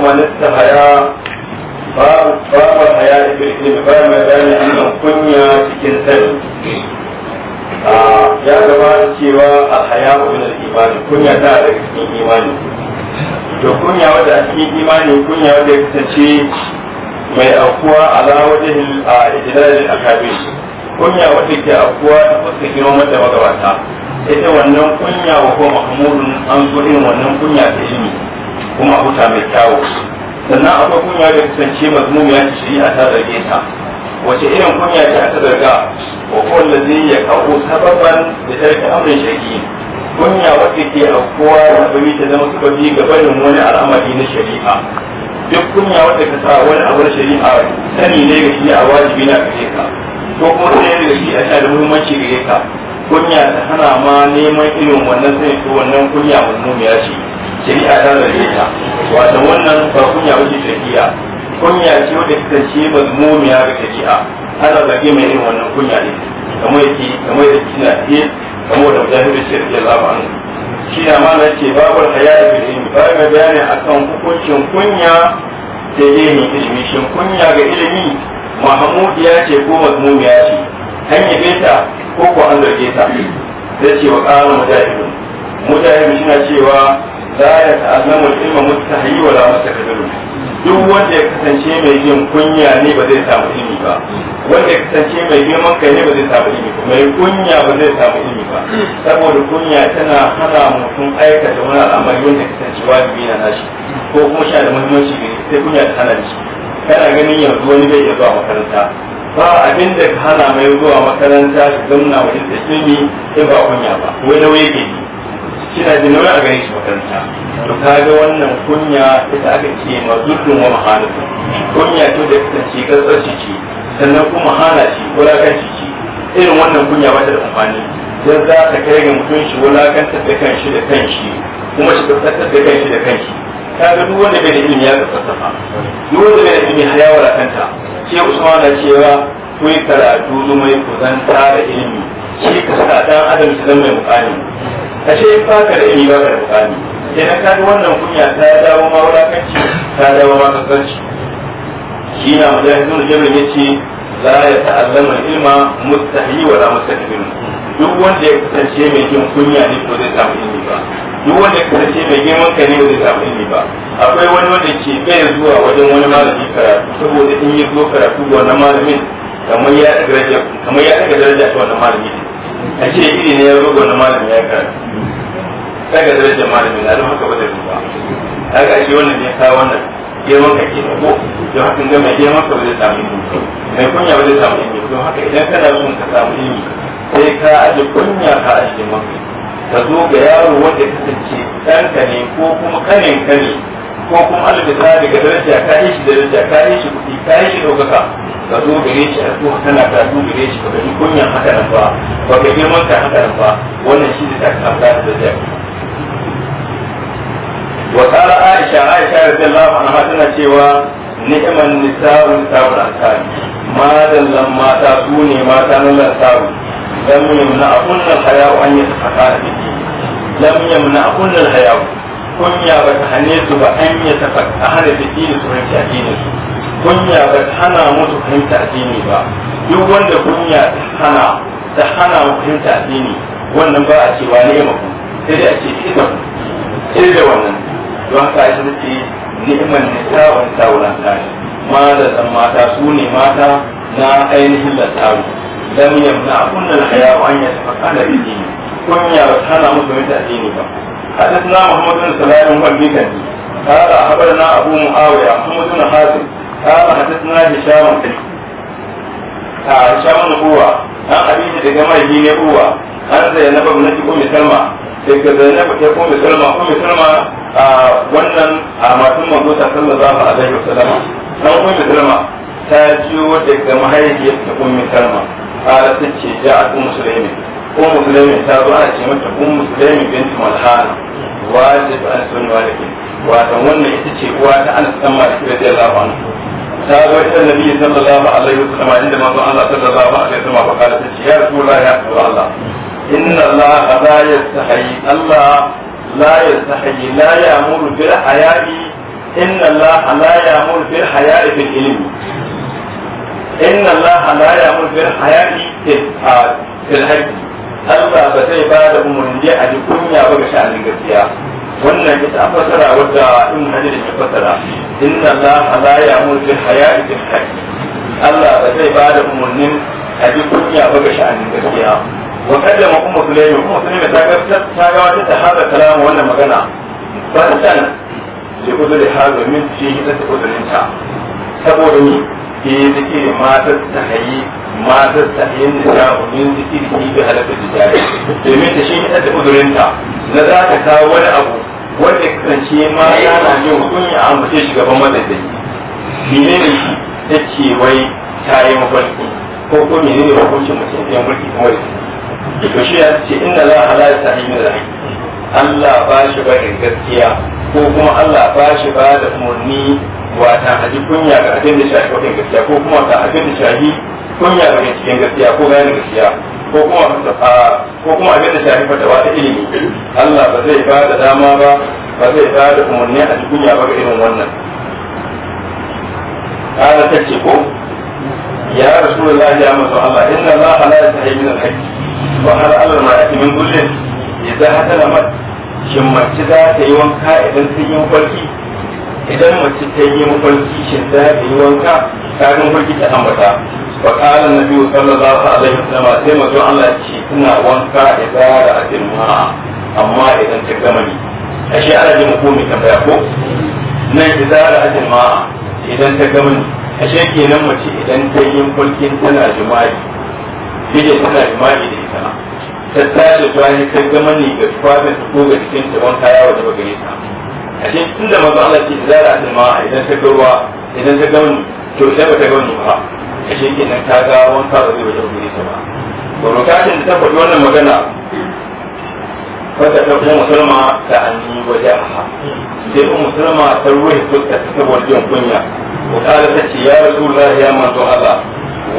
من التهيا haya باب الحياة da الإسلام باب ما بين nan kunya cikin sani ya gabata cewa a haya min al-imani kunya ta daga cikin imani to kunya wadda a cikin imani kunya wadda ya kasance mai aukuwa ala wajen ijilalin akabir kunya wadda ke aukuwa ta fuska girman da magabata ita wannan kunya wa ko mahmudun an so irin wannan kunya ta shi ne. kuma huta mai kyawu sannan akwai kunya da kasance mazmum ya ci shari'a ta zarge ta wace irin kunya ce aka zarga wa kowanne zai ya kawo sababan da rike amurin shari'i kunya wacce ke aukuwa da abin ta zama sababi ga da wani al'amari na shari'a duk kunya wacce ka sa wani abu na shari'a sani ne ga shi a wajibi na gare ka ko kuma sai da shi a sha da muhimmanci gare ka kunya ta hana ma neman ilimin wannan sai to wannan kunya mazmumiya ce shari'a ta zarge ta wato wannan ba kunya wace shari'a kunya ce wadda ta ce mazmumiya ga shari'a ana zage mai irin wannan kunya ne kamar yake kamar yake kina iya kamar da mujahidin shari'a za ba shi na mana ce babu hayati bil ba ga bayanin akan hukuncin kunya da yin ilimi shin kunya ga ilimi ya ce ko mazmumiya ce an yabe ta ko ko an zarge ta zai ce wa ƙarar mujahidin mutane shi na cewa la ya ta'allamu ilma mustahi wa la mustakbiru duk wanda ya kasance mai jin kunya ne ba zai samu ilimi ba wanda ya kasance mai girman kai ne ba zai samu ilimi ba mai kunya ba zai samu ilimi ba saboda kunya tana hana mutum aikata wani al'amari wanda kasance wajibi na nashi ko kuma shi da muhimmanci ne sai kunya ta hana shi kana ganin yanzu wani bai iya zuwa makaranta ba abin da hana mai zuwa makaranta shi zamna wajen da ilimi sai ba kunya ba wani nauyi ke kina jin nauyi a ganin shi makaranta to kaga wannan kunya ita aka ce ma zuddun wa mahanatu kunya to da ita ce kasarci ce sannan kuma hana ce wulakanci ce irin wannan kunya ba ta da amfani dan za ta kai ga mutum shi wulakanta da kanshi da kanshi kuma shi kasarta da kanshi da kanshi kaga duk wanda bai da ilimi ya kasarta duk wanda bai da ilimi har ya wulakanta ce usman na cewa kuyi karatu zumai ku zan tara ilimi shi ka sa dan adam shi zan mai mukami ashe in ba da ilimi ba ka da tsani ke na ga wannan kunya ta dawo ma wulakanci ta dawo ma kasanci shi na mujahidin da jami'in ya ce za ya ta'allama ilma mustahili wa la mustahibin duk wanda ya kasance mai jin kunya ne ko zai samu ilmi ba duk wanda ya kasance mai girman kai ne ba zai samu ilmi ba akwai wani wanda ke bai zuwa wajen wani malami karatu saboda in yi zo karatu ga wannan malamin kamar ya daga daraja kamar ya daga daraja wannan a ce iri ne ya zo wani malami ya kan kaga darajar malami na haka ba da ba kaga shi wannan ne kawo wannan girman ka kenan ko don haka ga mai girman ka ba zai samu ilimi mai kunya ba zai samu ilimi don haka idan kana son ka samu ilimi sai ka aji kunya ka aji girman ka zo ga yaro wanda kasance ɗanka ne ko kuma kanin ka ko kuma Allah da tsari ga daraja ka yi shi daraja ka yi shi kuɗi ka yi shi ɗaukaka ka zo gare shi a tsohon kana ka zo gare shi ka ji kunyan haka nan ba baka girman ka haka nan ba wannan shi ne ta kan da daraja wa tsara Aisha Aisha radiyallahu anha tana cewa ni'man nisa'u sa'ul ansari madan lamma ta su ne mata na lansaru lam yamna kunnan hayaw an yasaka biki lam yamna kunnan hayaw kunya ba ta hane su ba an yi a har da dini su rinci addinin su kunya ba ta hana musu fahimta addini ba duk wanda kunya ta hana ta hana mu fahimta addini wannan ba a cewa ne ma ku sai da a ce ita ku sai da wannan don ka yi ce ni'man ne wa nisa wa ma da san mata su ne mata na ainihin lantaru lam yamna kunna kunan haya wa an yatafakka da dini kunya ba ta hana musu fahimta addini ba حدثنا محمد بن سلام والميكن قال أخبرنا أبو معاوية محمد بن حاتم قال حدثنا هشام هشام هو عن أبيه لجمال هي هو عن زينب بنت أم سلمى daga zainabu ta kuma salma kuma a wannan a matan manzo ta sallallahu alaihi wasallama dan kuma salma ta ciwo daga mahaifiyar ta kuma salma قالت تجي جاءت ام سليم أم سليم تابعة كمت أم سليم بنت ملحان واجب أن سن والدي وأتمنى إتشي واتا أنا سمى رضي الله عنه تابعة النبي صلى الله عليه وسلم عندما قال الله صلى الله عليه وسلم فقالت يا رسول الله يا رسول الله إن الله لا يستحي الله لا يستحي لا يأمر بالحياء إن الله لا يأمر بالحياء في العلم إن الله لا يأمر بالحياء في الحج Allah ba zai ba da umarni a ji kunya ba ga sha'anin gaskiya wannan ita an fasara wadda in hajji da fasara inna Allah la ya'muru bil haya'i bil haqqi Allah ba zai ba da umarnin a ji kunya ba ga sha'anin gaskiya wa kallama ummu sulaimi ummu sulaimi ta ga ta ga wata ta hada kalamu wannan magana ba ta san ji uzuri hada min ci ta ta uzurinta saboda ni ke zikiri matar ta hayi matar ta hayin da ta umin zikiri ki bi halatta da jari domin ta shi da uzurinta na za ta kawo wani abu wanda kasance ma yana yin kunya a mace shugaban madadai mene ne shi ta ce wai ta yi mafarki ko ko mene ne hukuncin mace ta yi mulki kuma da to shi ya ce inna la halal ta hayi da Allah ba shi barin gaskiya ko kuma Allah ba shi ba da umarni wata a duk kunya ga abin da shafi wajen gaskiya ko kuma wata abin da shafi kunya ga mai cikin gaskiya ko bayan gaskiya ko kuma ko kuma abin da shafi fatawa ta ilimi Allah ba zai ba da dama ba ba zai ba da umarni a duk kunya ba ga irin wannan kana ta ce ko ya rasulullah ya masu Allah inna Allah la yasahi min al-haqq wa hal al-mar'ati min kullin idza hadala mat shin mace za ta yi wanka idan sun yi farki idan mace ta yi mafarki shin za ta yi wanka kafin mafarki ta ambata wa kala nabi sallallahu alaihi wasallam sai manzo Allah ya ce tana wanka da gara a dimma amma idan ta gama ni a ashe ana jin ko mai tambaya ko nan izara a dimma idan ta gama ni a ashe kenan mace idan ta yi mafarkin tana jima'i bije tana jima'i da ita ta tashi bayan ta gama ni ga tufafin ko ga cikin ta wanka yawa da bagare ta a ce tun da manzo Allah ke zara din ma idan ta ruwa idan ta gauni to sai ba ta gauni ba a kenan ta ga wanka ba zai wajen gure ta ba to lokacin da ta faɗi wannan magana wata ta kuma musulma ta hannu wajen ha sai kuma musulma ta ruwa fuska ta saboda jin kunya ko kala ta ce ya rasulullah ya manzo Allah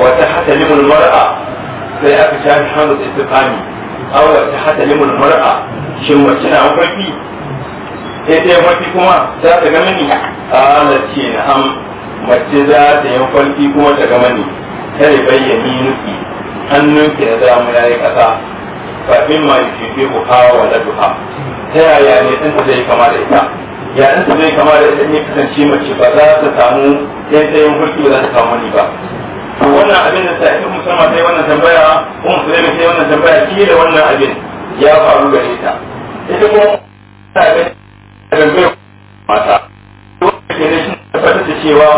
wata hatalimul mar'a sai aka shafi hannu da istifami aw ta hatalimul mar'a shin mace na mafarki sai ta mafi kuma za ta ga mani a halarci na ham mace za ta yi kwalfi kuma ta ga mani kare bayyani nufi hannun ki na zama ya yi kasa kafin ma yi fi ku hawa da duha ta yaya ne ɗan ta zai kama da ita ya ɗan ta zai kama da ita ne kasance mace ba za ta samu sai ta yi farki ba za ta samu ni ba to wannan abin da sai musamman sai wannan tambaya kuma musulmi sai wannan tambaya shi da wannan abin ya faru gare ta ita kuma ta mata wata da sun da cewa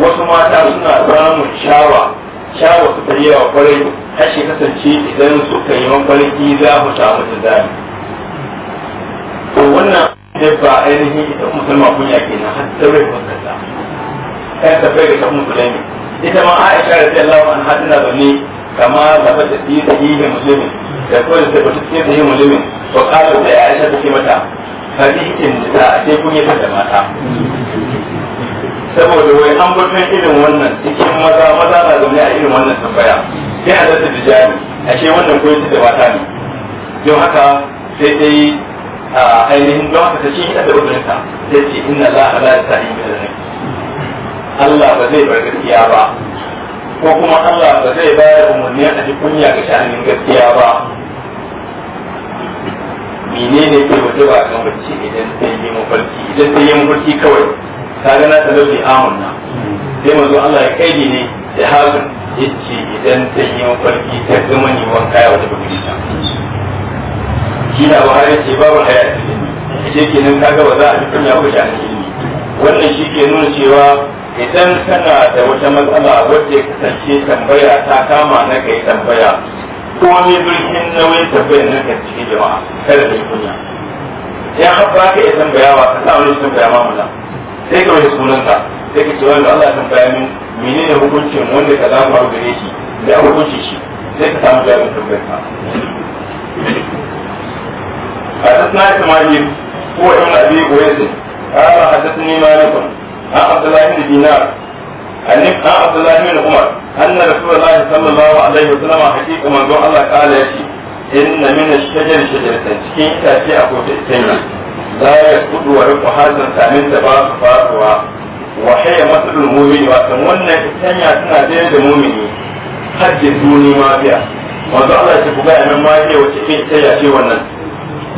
wasu mata suna samun shawa shawa su ta wa kwarai hashe kasance idan suka yi mafarki za mu samu da zai to wannan ba ainihin ita musulma kunya kenan har ta rai kwanta kan ta kuma ga musulmi ita ma Aisha an hadina tana zaune kama zaba da fi da yi da kawai da tabbata da yi musulmi wa qala da Aisha take mata ba shi ke sai kun yi da mata saboda wai an batun irin wannan cikin maza maza na zaune a irin wannan tambaya sai a zata da jami a ce wannan koyi da mata ne don haka sai dai a ainihin don haka ta cikin da uzurinta sai ce inna la ala ta yi da ne Allah ba zai bar gaskiya ba ko kuma Allah ba zai bayar umarni a cikin kunya ga sha'anin gaskiya ba menene ke mutu ba kan bacci idan ta yi mafarki idan ta yi mafarki kawai kaga na ta lauri amunna sai manzo Allah ya kai ne da hazin yace idan ta yi mafarki ta zama ne wa ya wata ta shi kila ba har yace babu hayati nan ka ga ba za a ji kunya ba shi ne wannan shi ke nuna cewa idan kana da wata matsala wacce ya kasance tambaya ta kama na kai tambaya komi birkin nauyin tafiyar na ka cikin jama'a kada ka yi kunya ya haɓa ka iya tambaya wa ka sa wani tambaya ma muna sai ka wani sunanka sai ka ce wanda Allah tambaya min menene hukuncin wanda ka za faru gare shi da ya hukunci shi sai ka samu jami'in tambayar ka حدثنا إسماعيل هو ابن أبي قويس قال حدثني مالك عن عبد الله بن دينار عن ابن عبد الله بن عمر أن رسول الله صلى الله عليه وسلم حقيقة من دون الله قال يشي إن من الشجر شجرة تشكين تأتي أبو تأتينا لا يسقط ويبقى حاسا تأمين تباس فاقوا وحي مثل المؤمن وأتمنى الثانية سنة جيد المؤمن حدثوني ما بها manzo Allah ya buga ya nan maje wace ke ta yace wannan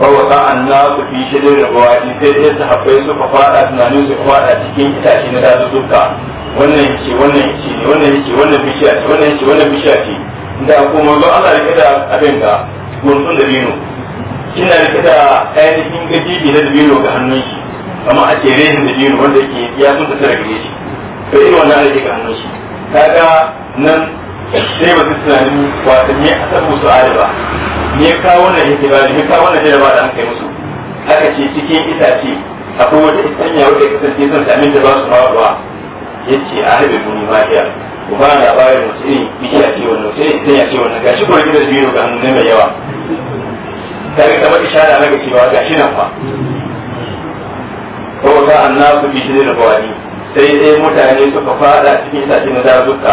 fa wata annasu fi shirin rawadi sai sai sahabbai suka fada tunanin su fada cikin itace na dazu dukka wannan ce wannan ce ne wannan ce wannan bishiya ce wannan ce wannan bishiya ce da kuma ba Allah rike da abin ga gurfin da bino kina rike da ainihin gajibi na da bino ga hannun shi amma a ce rehin da bino wanda ke ya sun ta tare gare shi to irin wannan rike ga hannun shi kaga nan sai ba su tunanin wata me a sabu su ba me ka wannan yake ba me ka wannan jaraba da an yi musu aka ce cikin itace akwai wata istanya wadda ya kasance sun sami da ba su hawa yace a harbe muni ma ya ku ba na bayar wasu irin a ce wannan wasu irin ya ce wannan gashi kuma gidan biyu ga hannun mai yawa ta ga kamar ishara na ga cewa gashi nan fa ko ga annabi bi shi da bawani sai dai mutane suka fada cikin sashi na dazuka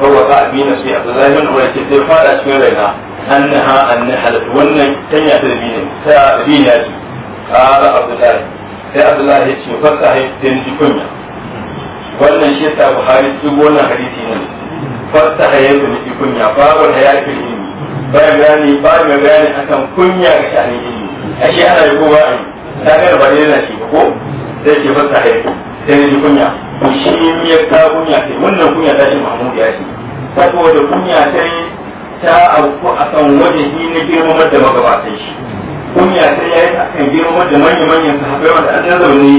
ko wa ka abina sai Abdullahi bin Umar ce sai fada cikin raina annaha annahal wannan tanya ta bi ne ta bi ne ce ka Abdullahi sai Abdullahi ya ce fa sai din ji kunya wannan shi yasa Buhari duk wannan hadisi ne fasta hayatu ni kunya babu hayatu ilmi bai bayani bai mai bayani akan kunya ga shani ilmi ashe ana yi kowa ai ta ga ba ne na shi ko sai ce fasta hayatu sai ni kunya to shi mi ya ta kunya sai wannan kunya ta shi Mahmud ya shi saboda kunya sai ta auku akan wajehi na girmamar da magabatan shi kunya sai ya yi akan girmamar da manyan manyan sahabbai wanda an zaune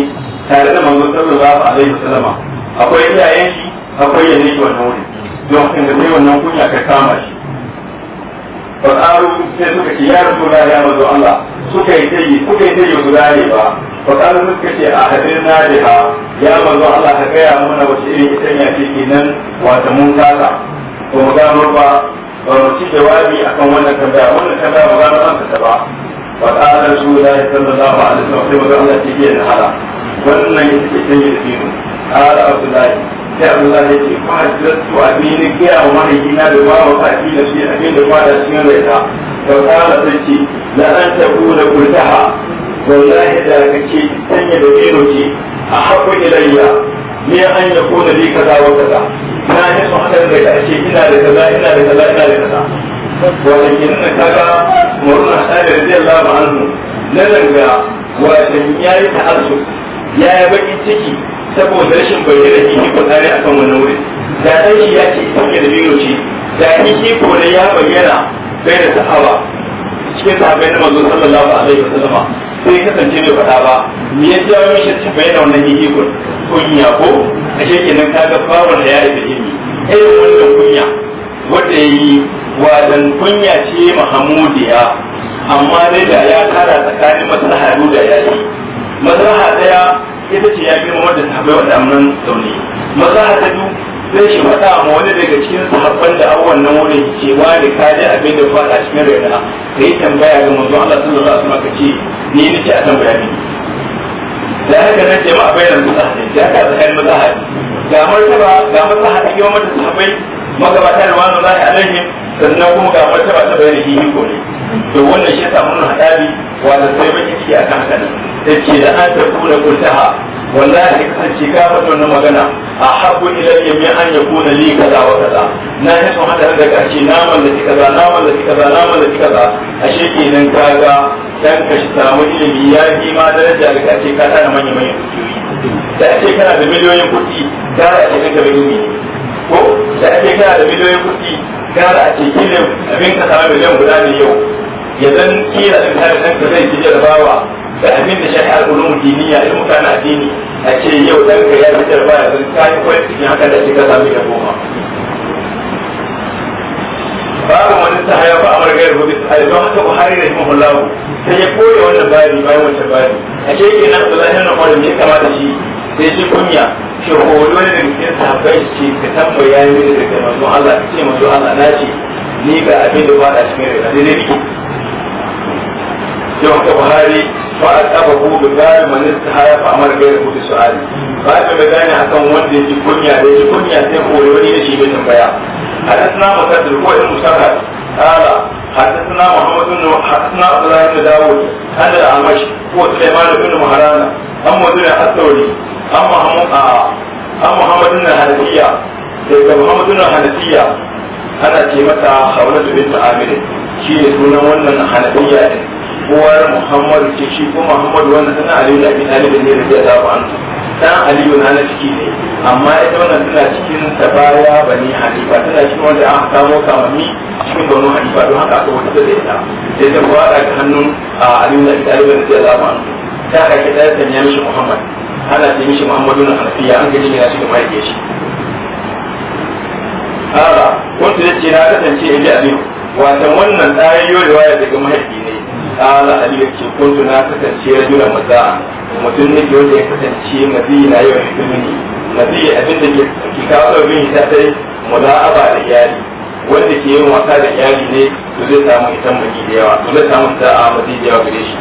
tare da manzon sallallahu alaihi wasallam akwai iyayen shi akwai yanzu shi wannan wuri don kan da sai wannan kunya ka kama shi fasaru sai suka ce ya rasulullahi ya mazo Allah suka yi tayi suka yi tayi guda ne ba fasaru suka ce a da ha ya mazo Allah ka gaya mana wace irin itanya ce kenan wata mun kasa ba mu mun ba ba mu ci jawabi akan wannan tambaya wannan tambaya ba mu an ta ba fa da ya sallallahu alaihi wasallam sai manzo Allah ce ke da hala wannan yake tayi da dinu قال عبد الله abdullahi ya ce ma jirtu amini kiya wa mahaifi na da ba wa kafi da shi abin da ba cikin rai ta da kala sai ce la an tabu da kurtaha da ya kaza wa kaza na yi sun hadar da kace ina da kaza ina da kaza ina da kaza walakin na kaga murna sai da radiyallahu anhu nan ga wa ya yi ya yi baki ciki saboda rashin bayyana fifiko tsari a kan wannan wurin da ɗan shi ya ce sanya da biyu ce da fifiko ne ya bayyana bai da sahaba cikin sahabai na manzo sallallahu alaihi wa sallama sai kasance bai faɗa ba me ya jawo mishi bai bayyana wannan fifiko kunya ko ashe kenan ga babu da ya yi da ilimi wannan kunya wanda ya yi wadan kunya ce mahamudiya amma dai da ya kara tsakanin maslaha da ya yi mazaha daya ita ce ya girma wanda sahabbai waɗannan zaune mazaha ta biyu sai shi faɗa ma wani daga cikin sahabban da awon nan wurin cewa da ka ji abin da faɗa cikin raina ka yi tambaya ga manzo Allah sallallahu alaihi wasallam ka ce ni nake a tambaya ne da haka nan jama'a bayan mazaha ne da haka tsakanin mazaha ga martaba ga mazaha ta girma da sahabbai magabata da wani Allah alaihim sannan kuma ga martaba ta bayyana shi ko ne to wannan shi ta mun bi wanda sai baki ciki akan haka ne tace da an ta kula kultaha wallahi kasance ka fata wannan magana a habu ila yamma an yakuna li kaza wa kaza na yi son hada da kace na mallaki kaza na mallaki kaza na mallaki kaza a ashe kenan kaga dan ka shi samu ilimi ya yi ma daraja da kace ka tana manyan manyan kuɗi da ake kana da miliyoyin kuɗi gara a cikin da ilimi ko da ake kana da miliyoyin kuɗi gara a ce kila abin ka sami miliyan guda ne yau ya zan kila in kare ɗan ka zai ji bawa da abin da shari'ar ulumul diniya ilmu mutane addini a ce yau ɗan ka ya fi jarabawa ya zan kayan kwan cikin haka da shi ka samu da goma babu wani sahaya ba amar gairu ba bisa alba mata buhari da himahu lahu sai ya koya wannan bayani bayan wancan bayani a ke yake na abdullahi na kwanan ya kama da shi sai shi kunya shi holo ne mutum sahabbai ce ka tambaya ne da manzo Allah ka ce manzo Allah na ce ni ga abin da ba da cikin rai da ne yawan buhari fa asaba hu bi gari man istihaya fa amara gari hu bi su'ali ba ta bai gane akan wanda yake kunya da yake حدثنا مسدد هو ابن قال حدثنا محمد بن حدثنا عبد الله بن داوود عن الاعمش هو سليمان بن مهران عن مدير الثوري عن محمود عن محمد بن الحنفيه daga muhammadun hanafiya ana ce mata hawlatu bint amir shi ne sunan wannan hanafiya uwar muhammadu ce shi ko muhammadu wannan tana aliyu da abin aliyu ne da zai zaɓa an dan aliyu na na ciki ne amma ita wannan tana cikin tabaya bani hanifa tana cikin wanda aka samo kamanni cikin banu hanifa don haka aka wata da ta sai ta fara ga hannun aliyu da abin aliyu da zai zaɓa an ta aka ke ɗaya sanya mishi muhammad ana ce mishi muhammadu na hanafiya an gaji ne na cikin mahaifiyar shi. Ara, wanda ya ce na kasance ya ji aliyu wata wannan da waya daga mahaifi ne ala aliyu ce kuntu na kasance rajulan maza mutum ne ke wanda ya kasance madina yau da duni madina abin da ke kawo abin ta sai mula'aba da iyali wanda ke yin wasa da iyali ne to zai samu ita maki da yawa to zai samu a maki da yawa gare shi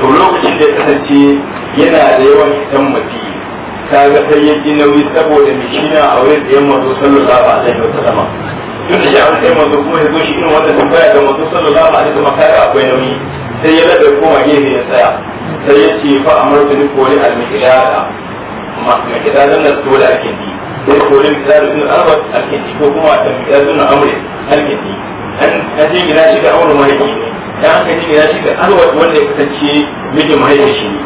to lokacin da ya kasance yana da yawan itan maki ta sai ya ji nauyi saboda mai shi na aure da yamma to sallallahu alaihi wa sallama duk da ya sai manzo kuma ya zo shi irin wannan tambaya ga manzo sallallahu alaihi wasallam kai akwai nauyi sai ya labe koma gefe ya tsaya sai ya ce fa amartu ni koli al-miqdada makidadan nan dole ake yi sai koli miqdadun al-arbat ake yi ko kuma da miqdadun amri ake yi an an je gida shi da auren mahaifi ne dan aka je gida shi da wanda ya kasance mijin mahaifi shi ne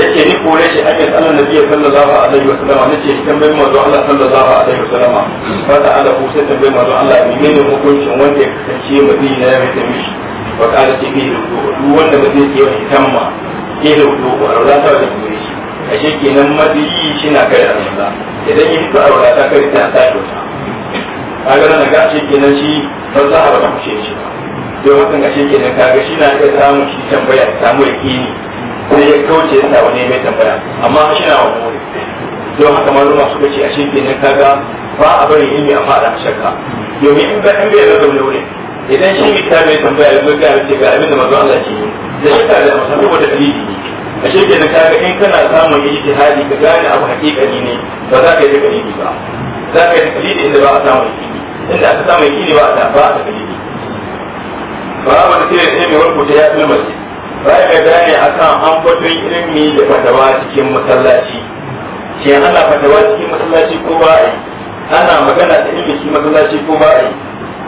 yake ni kore shi ake tsala na biya sallallahu alaihi wa sallama nace shi tambayi mazo Allah sallallahu alaihi wa sallama fa da Allah ko sai tambayi mazo Allah ne ne hukuncin wanda ya kasance madina ya mai mishi wa kala ce bihi duk wanda ba zai yi tamma ke da duk wa Allah ta da kore shi a shi kenan madiyi shi na kai Allah idan yi fito a ta kai ta ta a ga nan ga shi kenan shi ba za a ba ta kushe shi ba don hakan ga shi kenan kaga shi na iya samu shi tambaya samu yake ni sai ya kauce yasa wani mai tambaya amma shi na wani wuri don haka maluma suka ce a shi kenan kaga ba a bari ilmi a fada a shakka domin in ba in bai da zaune wuri idan shi mai ta mai tambaya ya zai gaya ce ga abin da mazu Allah yi da shi ta da masa wata dalili a shi kenan kaga in kana samun yi ta hali ka gane abu hakikani ne ba za ka yi dalili ba za ka yi dalili inda ba a samun yi inda aka samu yakini ba a ba a dalili ba a wani sai ya ce mai warkuta ya fi masjid ba ka gane a kan an fadon ilimi da fatawa cikin masallaci shi ana fatawa cikin masallaci ko ba a yi ana magana da ilimi cikin masallaci ko ba a yi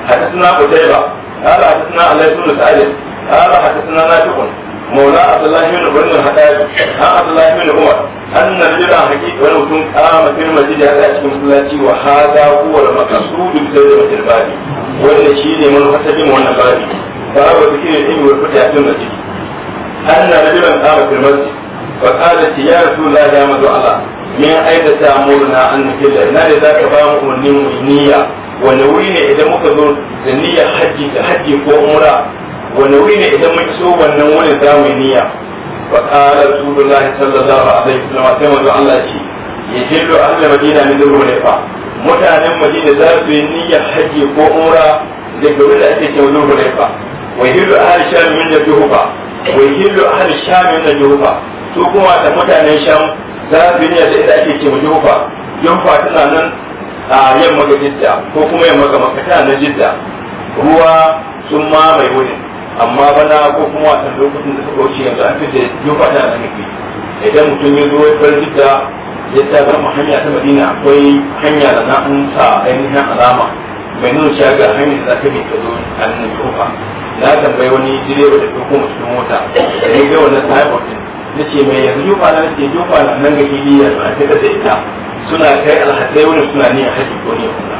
hata suna kujai ba ala hata suna alai suna sa'adin ala hata suna nafi'un maula abdullahi bin ubrin al-hadari an abdullahi bin umar an na jira hakiki wani mutum kama fil masjid ya sa cikin masallaci wa hada huwa al-maqsud bi sayyid al-bani wannan shine mun hasabi mu wannan bani babu zikirin ilimi wa fatawa cikin masallaci anna rajulan qala fil masjid fa qala ya rasul allah ya madu allah me aikata murna an kille na da zaka ba mu munin wani wuri ne idan muka zo da niyya haji ko umra wani wuri ne idan muka so wannan wuri za mu niyya fa qala rasul allah sallallahu alaihi wasallam sai madu allah ci yajilu ahli madina min dubul fa mutanen madina za su yi niyyar haji ko umra daga wurin da ake cewa dubul fa wa yajilu ahli sham min dubul wakilin ahal shamin na jufa su kuma da mutanen sham za su yi da ita ake ce jufa jufa tana nan a yamma ga jidda ko kuma yamma ga makata na jidda ruwa sun mamaye wurin amma bana ko kuma wasan lokacin da suka wuce yanzu an fi da jufa tana da nufi idan mutum ya zo ya bar jidda ya ta zama hanya ta madina akwai hanya da na'un sa ainihin alama mai nuna cewa ga hanyar da aka bi ta zo a nan kofa na tambayi wani direba da ɗauko mutum mota da ya ga wannan cyborg din na ce mai yanzu yofa na ce yofa na nan ga fili ya a ta da ita suna kai alhatsai wani suna ne a hajji ko ne kuma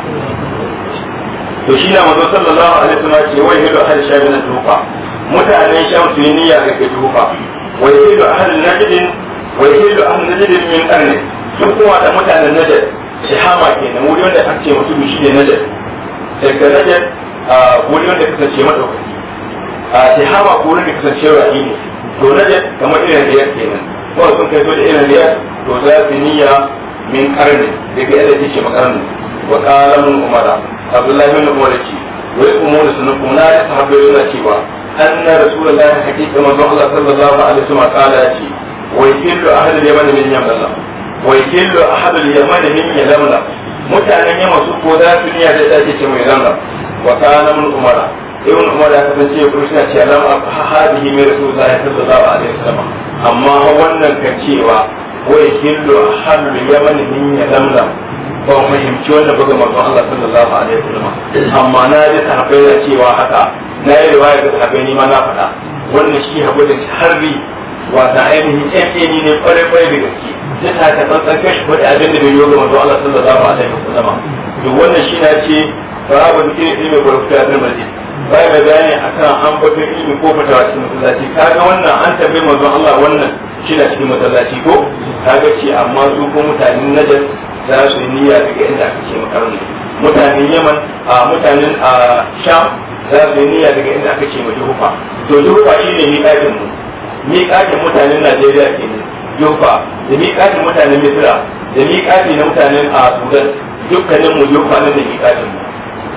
to shi na mazo sallallahu alaihi wasallam ce wai hidu sha shabi na tufa mutanen sham su yi niyya ga ke tufa wai hidu ahli najdin wai hidu ahli najdin min qarni su kuma da mutanen najd ke kenan wuri wanda ake mutum shi ne najd daga rajab uh, wuri wanda kasance madaukaki uh, a tihama ko wuri da kasance rahi ne to rajab kamar irin riyar kenan kuma sun kai da irin riyar to za su niyya min karni daga yadda ta ce makarni wa kala min umara abdullahi min umar ce wai umaru sun kuma ya sahabbai yana cewa anna rasulullahi hakika manzo Allah sallallahu alaihi wasallam kala ce wai kullu ahadin yaman min yaman wai killu ahadul yamani min yalamla mutanen yamma su ko za su niyya da ta ce mai lamla wa kana min umara ibn umar ya kasance ya kurshi na ce lam hadihi mai rasulullah sallallahu alaihi wasallam amma wannan ka cewa wai killu ahadul yamani min yalamla ba mu fahimci wannan buga manzon Allah sallallahu alaihi wasallam amma na ji sahabbai da cewa haka na yi riwaya da sahabbai ni ma na faɗa wannan shi hakurin harbi wata ainihin yan ne kwarai kwarai da gaske duk haka tsantsan kashi faɗi abin da bai yi ga manzo Allah sallallahu alaihi wasallam to wannan shi na ce sahabu da kire ilmi ko rufuta fil masjid bai mai bayani kan an bato ilmi ko fatawa cikin masallaci kaga wannan an tambayi manzo Allah wannan shi na cikin masallaci ko kaga ce amma su ko mutanen najar za su yi niyya daga inda aka ce makarun mutanen Yaman a mutanen Sham za su yi niyya daga inda aka ce majuhufa to juhufa ne ni ɗakin mu miƙaƙin mutanen najeriya ke ne yofa da miƙaƙin mutanen misira da miƙaƙi na mutanen a sudan dukkanin mu yofa nan da miƙaƙin mu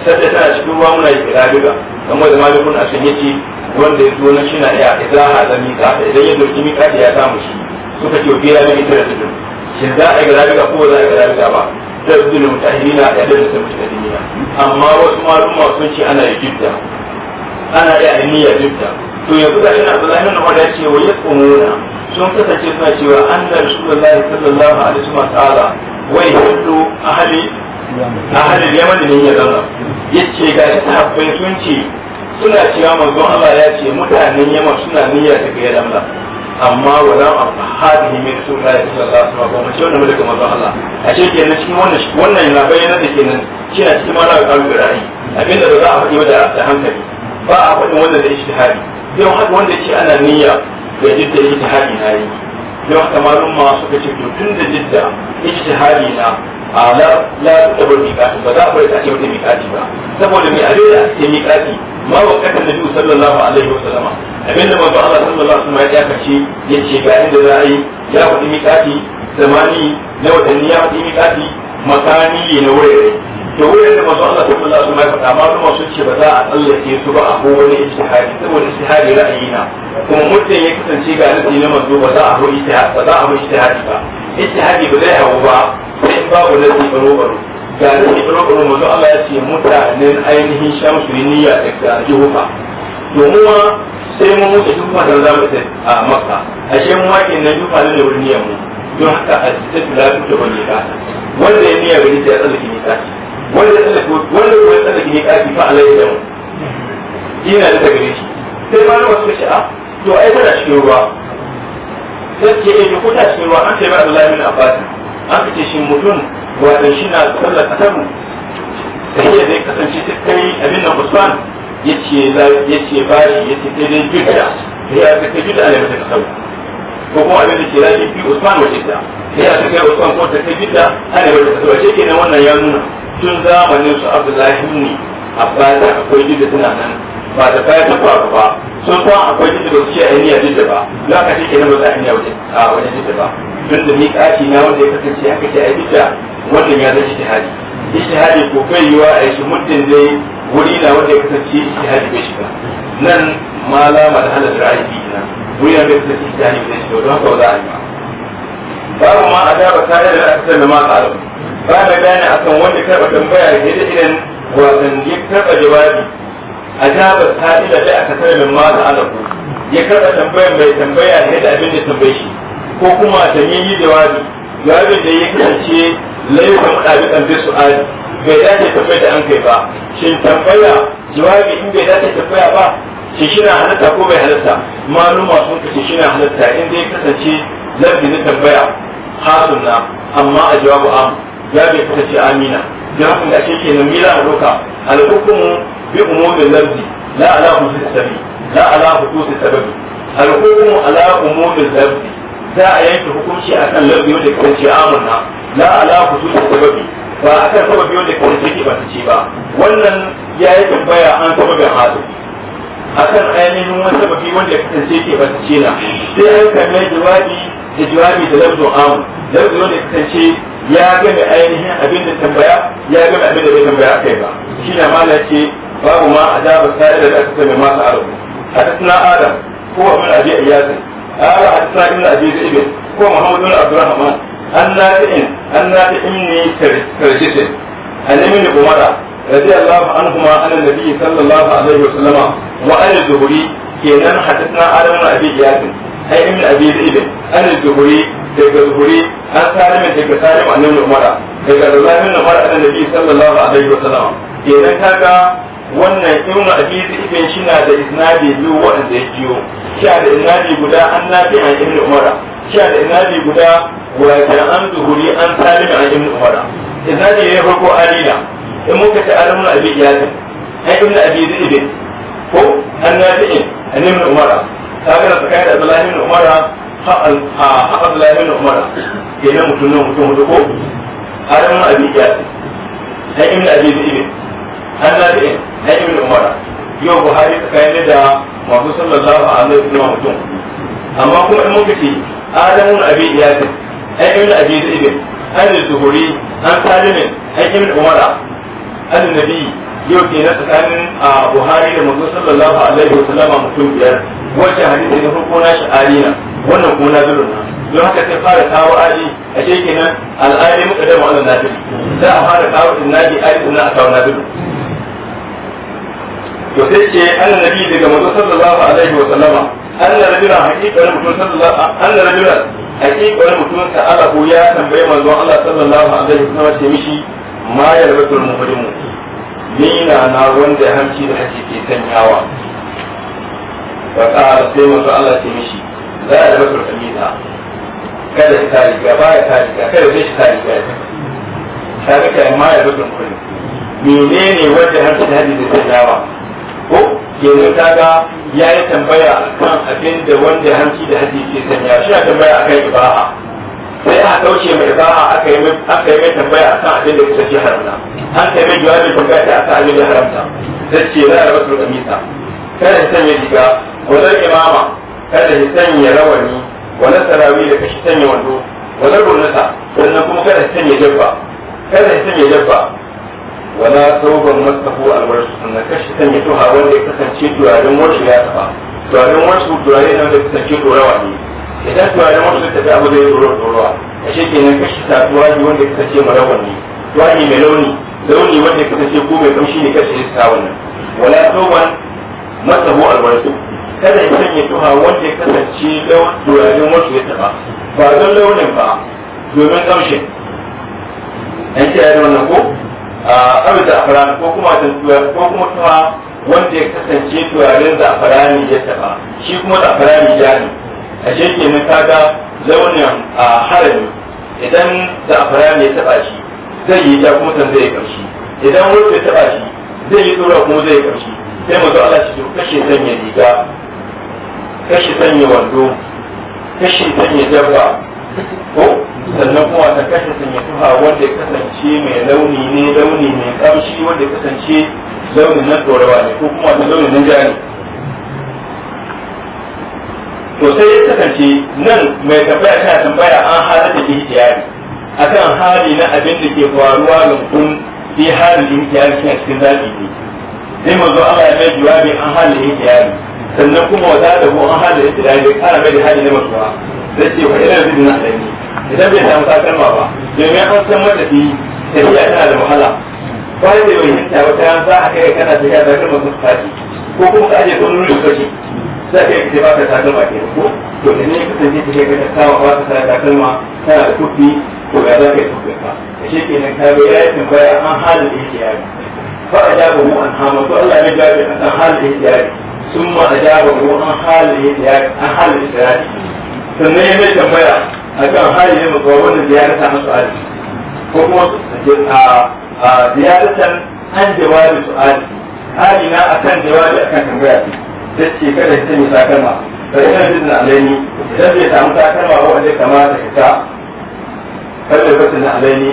sadda tana cikin ruwa muna yi kira duka kamar da malikun a shan yace wanda ya zo na shi na iya idan ha da miƙaƙi idan ya doki miƙaƙi ya samu shi suka ce biya na ita da tudu shin za a yi kira duka ko za a yi kira duka ba da zuwa mutahirina ya da su mutahirina amma wasu malumma sun ce ana yi jidda ana iya niyya jidda to yanzu ga ina Abdullahi ibn Umar ya ce wa yaqumuna sun kasance suna cewa anna Rasulullahi sallallahu alaihi wa ta'ala wai yahdu ahli ahli Yaman ne ya zama yace ga sahabbai sun ce suna cewa manzon Allah ya ce mutanen Yaman suna niyya ta ga Yaman amma wala amma hadihi min sunnati sallallahu alaihi wasallam ba ce wannan daga manzon Allah a ce kenan cikin wannan wannan yana bayyana da kenan a cikin mara ga kalbi abinda da za a faɗi da hankali ba a faɗin wannan da ishtihadi Yau haka wanda ce ana niyya ga jidda yi ta hali na yi don haka malum ma suka ce to tun da jidda ita ta hali na a la tabar miƙati ba za a bari ta ce wata miƙati ba saboda mai arewa a ce miƙati ma wa kakan da biyu sallallahu alaihi wa sallama abinda manzo Allah sallallahu alaihi wa sallama ya kace ya ce ga inda za a yi ya faɗi miƙati zamani na watanni ya wata miƙati makani ne na wurare to wurin da masu Allah kuma Allah su mai fata amma kuma sun ce ba za a tsallake su ba a ko wani ijtihadi saboda ijtihadi ra'ayi na kuma mutum ya kasance ga nasi na manzo ba za a ho ijtihadi ba za a ho ijtihadi ba ijtihadi ba zai hawo ba sai in babu nasi baro baro ga nasi baro baro manzo Allah ya ce mutanen ainihin shamsu yi niyya daga Jehova mu ma sai mun mutu duk ma da za mu a Makka ashe mu wake na duk halin da wurin niyyar mu don haka a cikin lafiya wani ka wanda ya niyya gari sai ya tsallake ni ta wanda ya tsallake wanda kuma ya tsallake ne kaki fa Allah ya damu yana da daga shi sai ma ruwa suka ce a ah, to ai tana cikin ruwa sai ke yi ko ta cikin ruwa an sai ba Allah min Abbas an ce shi mutum wato shi na sallar kasar sai ya zai kasance ta kai abin nan Usman yace yace bari yace sai dai jidda ya ta kai jidda ne ta kasar ko kuma abin da ke rafi bi Usman wace ta ya ta kai Usman ko ta kai jidda ana ba ta kasar wace kenan wannan ya nuna tun zamanin su abdullahi ne abbas akwai gida suna nan ba da baya ta faru ba sun san akwai gida da suke ainiya jidda ba lokaci ke kenan ba za a ainiya wajen jidda ba tun da miƙaci na wanda ya kasance haka ce a gida wannan ya zai shi hali ko kai yiwa a shi mutum dai wuri na wanda ya kasance hali bai shiga nan ma da halar ra'ayi na wuri na bai kasance hali bai shiga don haka ba za a yi ba babu ma a da ba tare da aka sallama a alamu ba da gane akan wanda karɓa tambaya da da idan wasan ya karɓa jawabi a jabar sa'ila da aka sanar min ma da alaku ya karɓa tambayar mai tambaya da yadda abin da tambaye shi ko kuma da yi jawabi jawabin da ya kasance laifin ɗabi'an bi su'ali bai dace tambayar da an kai ba shin tambaya jawabi in bai dace tambaya ba shi shina halitta ko bai halitta halatta maluma sun shi shina halitta in dai kasance lafi na tambaya hasunna amma a jawabu am ya bai kuka ce amina don haka da ke kenan mila a doka alhukumu bi umumin lafzi la ala husus sabi la ala husus sababi alhukumu ala umumin lafzi za a yanke hukunci a kan lafzi wanda kan ce amina la ala husus sababi ba a akan sababi wanda kan ce ba ta ce ba wannan ya yi tambaya an sababin hadisi akan ainihin wata baki wanda ya kasance ke ba ta na sai ya kame jawabi da jawabi da lafzo amu lafzo wanda ya kasance ya gane ainihin abin da tambaya ya gane abin da bai tambaya akai ba shi na mala ce babu ma azaba sa'ida da aka sami masa arabu حدثنا آدم هو من أبي إياس قال حدثنا ابن أبي ذئب هو محمد بن عبد الرحمن النافع النافع إني كرجس أن ابن عمر رضي الله عنهما عن النبي صلى الله عليه وسلم وعن الزهري كينان حدثنا آدم بن أبي إياس أي ابن أبي ذئب عن الزهري daga zuhuri an sare min daga sare min annabi Umar daga Abdullahi bin Umar da Nabi sallallahu alaihi wasallam idan kaga wannan ibn Abi Ibn shina da isnadi biyu wanda ya jiyo sha da isnadi guda an nabi an ibn Umar sha da isnadi guda wa an zuhuri an sare min an ibn ya farko alila da mun ka ta'ala mun abi iyaka ai ibn abi zaid ko an annabi eh, an ibn umara kaga da tsakanin da abdullahi ibn umara ha al abdullahi ibn umara kenan mutum ne mutum hudu ko ala mun abi iyaka ai ibn abi zaid annabi eh, ai ibn umara yau buhari tsakanin da masu sallallahu alaihi wasallam mutum amma kuma in muka ce adamu abi iyaka ai ibn abi zaid an zuhuri an salimin an ibn umara annabi yau ke na tsakanin Buhari da Manzo sallallahu alaihi wa sallama mutum biyar wacce hadisi na farko na sha'ari na wannan kuma na zurna don haka sai fara kawo aji a ce kenan al'ali muka da wannan nadir sai a fara kawo ji ali sannan a kawo nadir to sai ce annabi daga Manzo sallallahu alaihi wa sallama anna rajulan haqiqatan mutum sallallahu anna rajulan haqiqatan mutum sa'alahu ya tambaye manzon Allah sallallahu alaihi wa sallama ce mishi ma yalbatul muhrimu nina na wanda ya hanci da hanci ke sanyawa wa qala sai manzo Allah ce mishi la yalbatul kamisa kada ya ta riga ba ya ta riga kada zai shi ta riga ta riga ma yalbatul muhrimu menene wanda hanci da hanci ke sanyawa ko yanzu kaga ya yi tambaya kan abin da wanda hanci da hanci ke sanyawa shi a tambaya akan ibaha sai a kauce mai ba'a aka yi mai tambaya akan abin da kusa shi haramta an kai mai jawabin tambaya ta akan abin da haramta sai ce la rabatul kamisa kada ya sanya riga wazar imama kada ya sanya rawani wala sarawi da kashi sanya wando wala runasa sannan kuma kada ya sanya jabba kada ya sanya jabba wala sauban mastahu alwarsu sannan kashi sanya tuha wanda ya kasance turaren wasu ya taba turaren wasu turare na da kasance turawa ne idan turaren wasu ta fi abu da ya tsoro tsorowa a shi kenan kashi ta tuwaji wanda ya kasance mara wani tuwaji mai launi launi wanda ya kasance ko mai kamshi ne kashi ta wannan wala tsoban masahu alwarsu kada ya sanya tuha wanda ya kasance turaren wasu ya taba ba don launin ba domin kamshin an ce ya da wannan ko abu da afaran ko kuma da ko kuma tuwa wanda ya kasance turaren da afarani ya taba shi kuma da afarani ja ne a shirke na kaga launin a harami idan da afara ne taba shi zai yi ja kuma zai yi karshe idan wani ya taba shi zai yi tsoro kuma zai yi karshe sai mu zo Allah cikin kashe sanya riga kashe sanya wando kashe sanya jabba ko sannan kuma ta kashe sanya tuha wanda ya kasance mai launi ne launi mai kamshi wanda ya kasance launin na tsorawa ne ko kuma ta launin na jani to sai ya kasance nan mai tambaya tana tambaya an hada da ihtiyari akan hali na abin da ke faruwa lumbun fi halin ihtiyari cikin cikin zaɓi ne sai zo Allah ya mai bi an halin ihtiyari sannan kuma wata da mu an halin ihtiyari ya kara mai da hali na masuwa zai ce wa ina zidin na ɗani idan bai samu ma ba domin an san mata fi tafiya tana da wahala bayan da yau hinta wata za a kai kana tafiya zakar masu sun ko kuma ka aje tsoron rufe kashi za ka yi ba ka takalma ke ko to idan ya kasance ta kai ka kama ba ka sa takalma tana da kuɗi ko ya za ka yi kuɗin ka ashe kenan ka ga ya yi tambaya an halin da yake yari fa a jaba mu an hama to Allah ya jabe a san halin da yake yari sun ma a jaba mu an halin da yake yari an halin da yake sannan ya mai tambaya a kan halin da mutuwa wannan ziyarar ta masu ali ko kuma a ziyaratan an jawabi su ali hali na akan jawabi akan tambaya sai ce kada ka sanya takalma fa ina jin na alaini idan bai samu takalma ba wanda kamata ka ta kada ka sanya alaini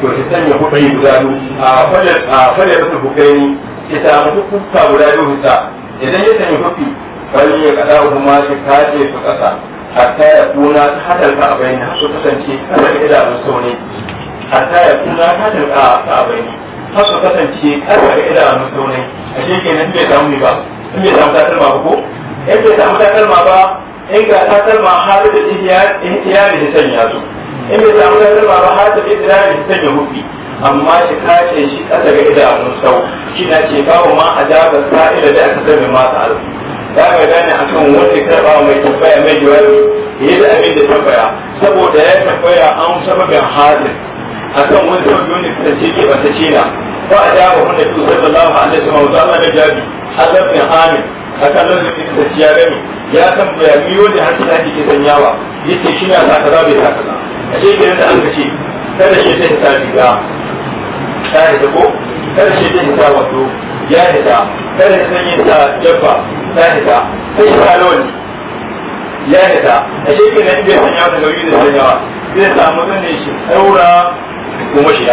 to ki sanya kuɗi guda biyu a fada a fada ka kuɗi ki samu kuɗa guda biyu ta idan ya sanya kuɗi bari ya kada kuma shi kaje su kasa hatta ya kuna hadar ka abai ne su kasance kada ka idanun sauni hatta ya kuna hadar ka abai ne har su kasance kada ka idanun sauni a shi kenan bai samu ba in bai samu takalma ba ko in bai samu takalma ba in ga takalma har da ihtiyari da sanya su in bai samu takalma ba har da ihtiyari da sanya hufi amma shi kace shi kasa ga idanun sau shi na ce babu ma ajabar sa'ida da aka sami masa alu za ka gane a kan wanda karɓa mai tambaya mai jawabi ya da abin da tambaya saboda ya tambaya an sababin halin a kan wani sababin wani kasance ke ba ta ce na فأجابه النبي صلى الله عليه وسلم وقال أنا جابي هذا ابن حامد hakanan da kika ci ya gani ya tambaya miyo da hanci da kike sanyawa yace shi na saka zabe saka za a ce da an ka kada shi sai ta riga ta da ko kada shi sai ta wato ya hita kada shi sai ta jabba ta hita sai ta lawani ya hita a ce ke nan bai sanyawa da gauri da shi kuma shi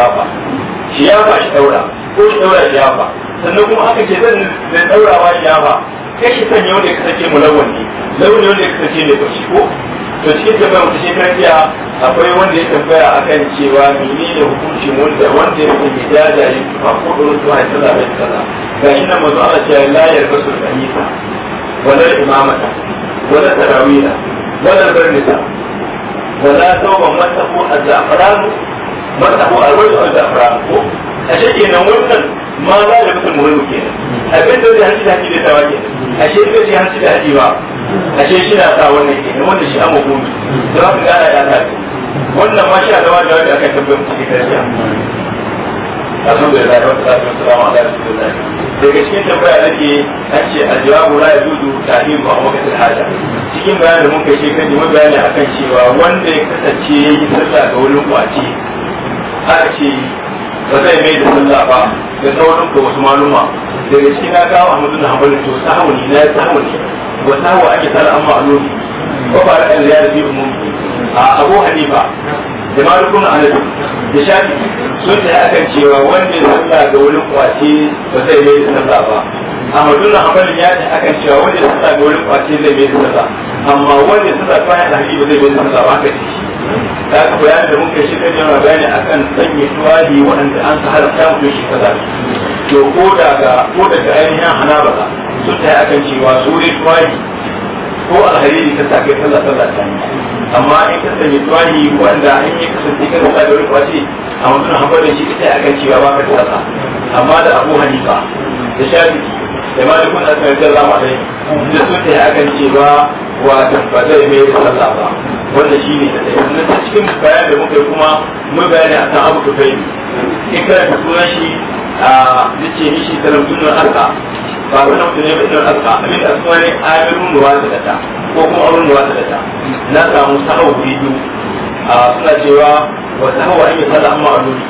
ciyafa shi daura ko shi daura ciyafa sannan kuma aka ce zan da daurawa ciyafa kai shi sanya wanda ya kasance mulawwan ne launi wanda ya kasance ne ba shi ko to cikin tafiya mutu shekarar akwai wanda ya tambaya akan cewa ne hukunci wanda wanda ya fi hijaja ya ko domin su haifar da bai kaza ga shi nan mazu ala cewa la yarda su kanisa wala imamata wala tarawila wala barnita ولا ثوبا مسحوا الزعفران مسحوا الرجل الزعفران ashe kenan wannan ma za da mutum muhimmi kenan abin da zai hanci da hanci da tawa kenan ashe da zai hanci da hanci ba ashe shi na sa wannan kenan wannan shi amma gomi da haka ga ya ta wannan ma shi a zama da wanda aka tabbata cikin gaskiya alhamdulillah wa salatu wassalamu ala rasulillah daga cikin tambaya nake an ce aljawabu la yajudu ta'lim wa waqt al-haja cikin bayanin da muka yi kan mu bayani akan cewa wanda ya kasance yi sallah ga wurin kwaci aka ce ba zai mai da sallah ba da sauran ga wasu maluma daga cikin na kawo a mutum hamadu to sahuni na ya sahuni wa sahu ake sallah amma a nuni ko ba da ya da bi umumi a abu hanifa da a alabi da shafi sun ta akan cewa wanda sallah ga wurin kwace ba zai mai sallah ba amma dole hankalin ya ta akan cewa wanda sallah ga wurin kwace zai mai sallah amma wanda sallah ta yana hakiki ba zai mai sallah ba haka ce ta ka bayani da muka shi kan yana bayani akan sanya tuwali waɗanda an sa ta mutu shi kaza to ko daga ko daga ainihin za sun ta akan cewa su ne tuwali ko alhariri ta sa kai sallah sallah ta amma in ka sanya tuwani wanda an yi kasance kan da wani kwace a mutum da shi ita akan cewa ba ka tsasa amma da abu hanifa da shafi da ma da asirin rikar zama dai da su ta akan cewa wa tabbatar mai sallah ba wanda shi ne da nan ta cikin bayan da muka yi kuma mun bayani kan abu tufai in kana da sunan shi a nace mishi salamtun alka ba wani abu ne mai tsarkar ka abin da suna ne ayoyin ruwa da data ko kuma auren ruwa da data na samu sahau biyu a suna cewa wa sahau an yi sallah amma a lori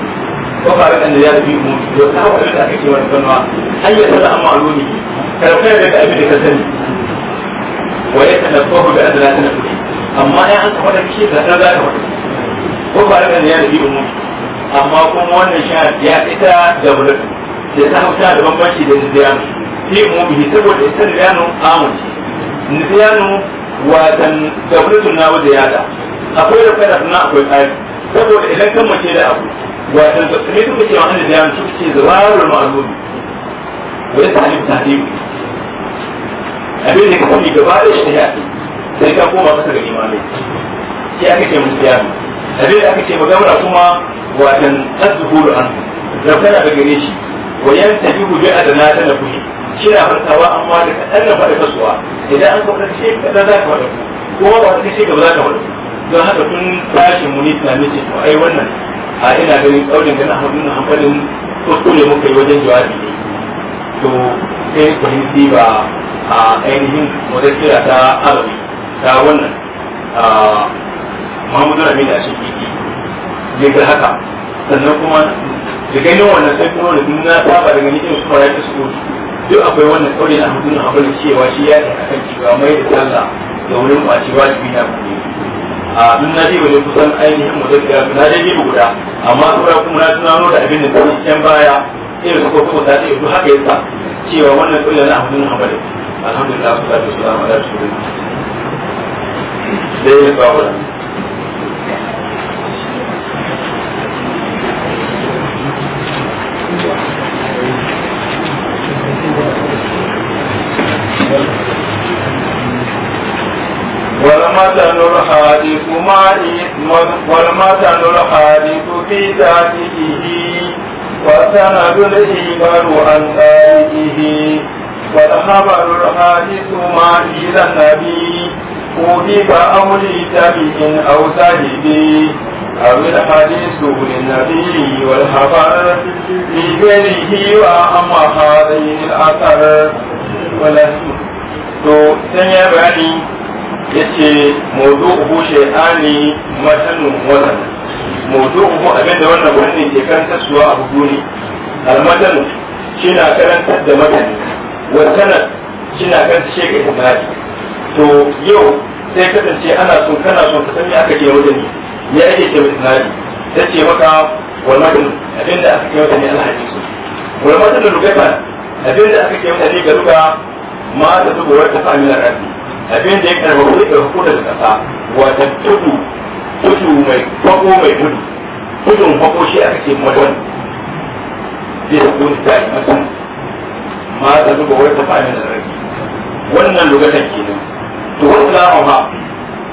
ko ba ga da ya fi mu wa sahau abin da aka ce wani kanwa an yi sallah amma a lori karfai da ka abin da ka sani wa ya kana kofa da adana ta nufi amma ya an kawo da kishi da ka zaka ko ba ga da ya fi mu amma kuma wannan sha ya ita da bulatu da sahau ta da bambanci da ziyara fi umumihi saboda isar yano amun nisiyanu watan dablatun na wajen yada akwai da kai da suna akwai tsari saboda idan kan mace da abu watan ne suka ce wa annabi yano suka ce zawarul ma'lumi wai ta halin ta dibu abin da ka sani gaba da shi ya sai ka koma kasa ga imamai sai aka ce musu yano abin da aka ce magana kuma watan tasbihu an da kana da gare shi wayan tabihu bi adana ta nafi kira mantawa amma da kaɗan na faɗi kasuwa idan an kwaɗa ce kaɗan za ka ku kuma ba ta ce gaba za ka ku. don haka tun tashin muni tunanin ce to ai wannan a ina ganin ƙaunin ganin hannun hankalin kuskure muka yi wajen jawabi ne to sai fahimci ba a ainihin kira ta arabi ta wannan Muhammadu Ramin a shekiki ne ga haka sannan kuma da ganin wannan sai kuma da nuna ta ba ganin nikin su fara ta su duk akwai wannan kauri a hukunin abin cewa shi ya tafi kan cewa mai da sallah da wurin kwaci wajibi na kuɗi a duk na je wajen kusan ainihin mu zai gafi na je ne guda amma saura kuma na tunano da abin da ta yi can baya irin su kofi ta ce duk haka yasa cewa wannan kauri na hukunin abin alhamdulillah su ta ce su da su da su da ya ba والمثل الحادث مع والمثل الحادث في ذاته وسند الإيمان عن تاركه والخبر الحادث مع إلى النبي أوهب أو لتبع أو سهب أو الحديث للنبي والخبر في غيره وأما هذين الأثر ولسن to sun yi bayani yace mawdu'uhu shay'ani matanun wannan mawdu'uhu da wannan gurin ke kan kasuwa abu duni almatanu a karantar da matani wasanan karanta kan shege himari to yau sai kasance ana son kana son ka san me aka ke wajen ya ake ce himari ta ce maka wani abin abinda aka ke wajen ne alhadisu wal matanu abin abinda aka ke wajen ne ga luga ma ta zubuwar ta fa'amilar rabbi abin da ya karba wani da hukunan kasa wata tudu tudu mai fako mai tudu tudun fako shi a ce madon zai da kuni ta yi masu ma da zuba wata fani da rage wannan lugatan nan to wasu lamaha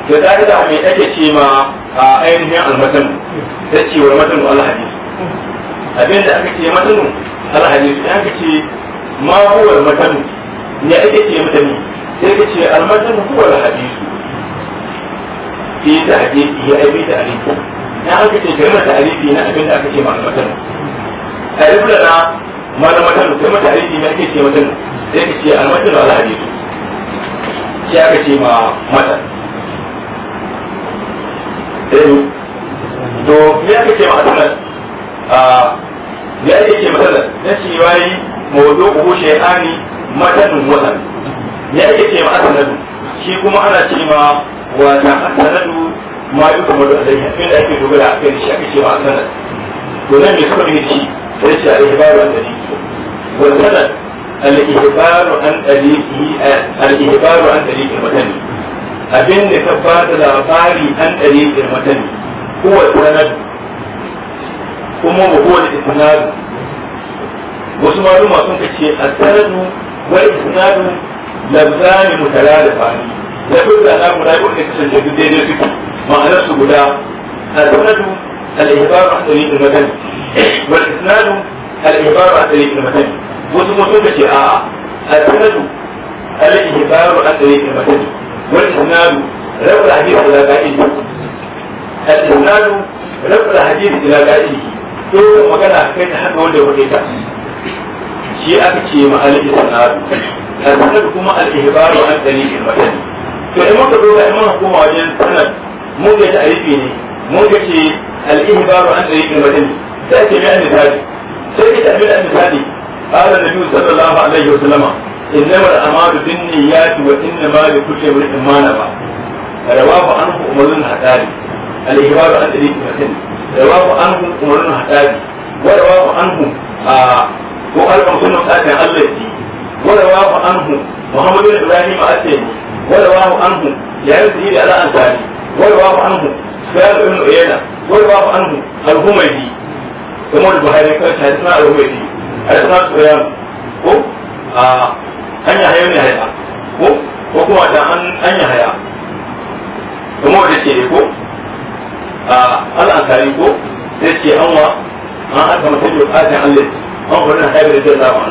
da mai ake ce ma a ainihin almatan ta ce wa matan alhaji abin da aka ce matan alhadis ya aka ce ma kowar matan ne ake ce mutane sai ka ce almajin huwa alhadisu fi da hadisi ya aibi da alifi na aka ce kai mata alifi na abin da aka ce ma almatan alif da na malamatan kai mata alifi na ake ce matan sai ka ce almajin alhadisu sai aka ce ma matan to me ce ya ake ce na ce ko matan wasan ya ake ce ma sanadu shi kuma ana ce ma wata sanadu ma yi kuma da alaihi abin da ake dogara a kai shi ake ce ma asanad to nan me suka ci sai ce ba ihbaru an daliki wa sanad al-ihbaru an daliki eh, al-ihbaru an daliki matani abin da ka ba bada labari an daliki matani huwa sanad kuma huwa al-isnad wasu maluma sun kace a sanadu wal-isnadu labzani mutalalifani labudda na guda ko da kasance duk daidai suke ma'anar su guda al-sanadu al-ihbar an tariq al-matan wal isnadu al-ihbar an tariq al wasu mutum da ce a'a al-sanadu al-ihbar an magana kai ta hannu wanda ya ta shi aka ce ma السند kuma al-ihbar wa al-dalil al-madani to in muka duba in muka koma wajen sanad mun ga ta'rifi ne mun ga ce al-ihbar wa al-dalil al-madani sai ke mai misali sai ke tafi da misali قال النبي صلى الله عليه وسلم انما الاعمال بالنيات وانما لكل امرئ ما نوى رواه عنه عمر بن الخطاب الاخبار عن طريق المسلم رواه عنه عمر بن الخطاب ورواه عنه آه، وقال ابن سنه الله ورواه عنه محمد بن ابراهيم الاسلمي ورواه عنه يا يزيد على انصاري ورواه عنه سفيان بن عيينه ورواه عنه الهميدي ثم البخاري كان حديثنا الهميدي حديثنا سفيان ko a an yi haya ne haya ko ko kuma da an an yi haya kuma wanda ce ko a al'ankari ko sai ce an wa an aka mutum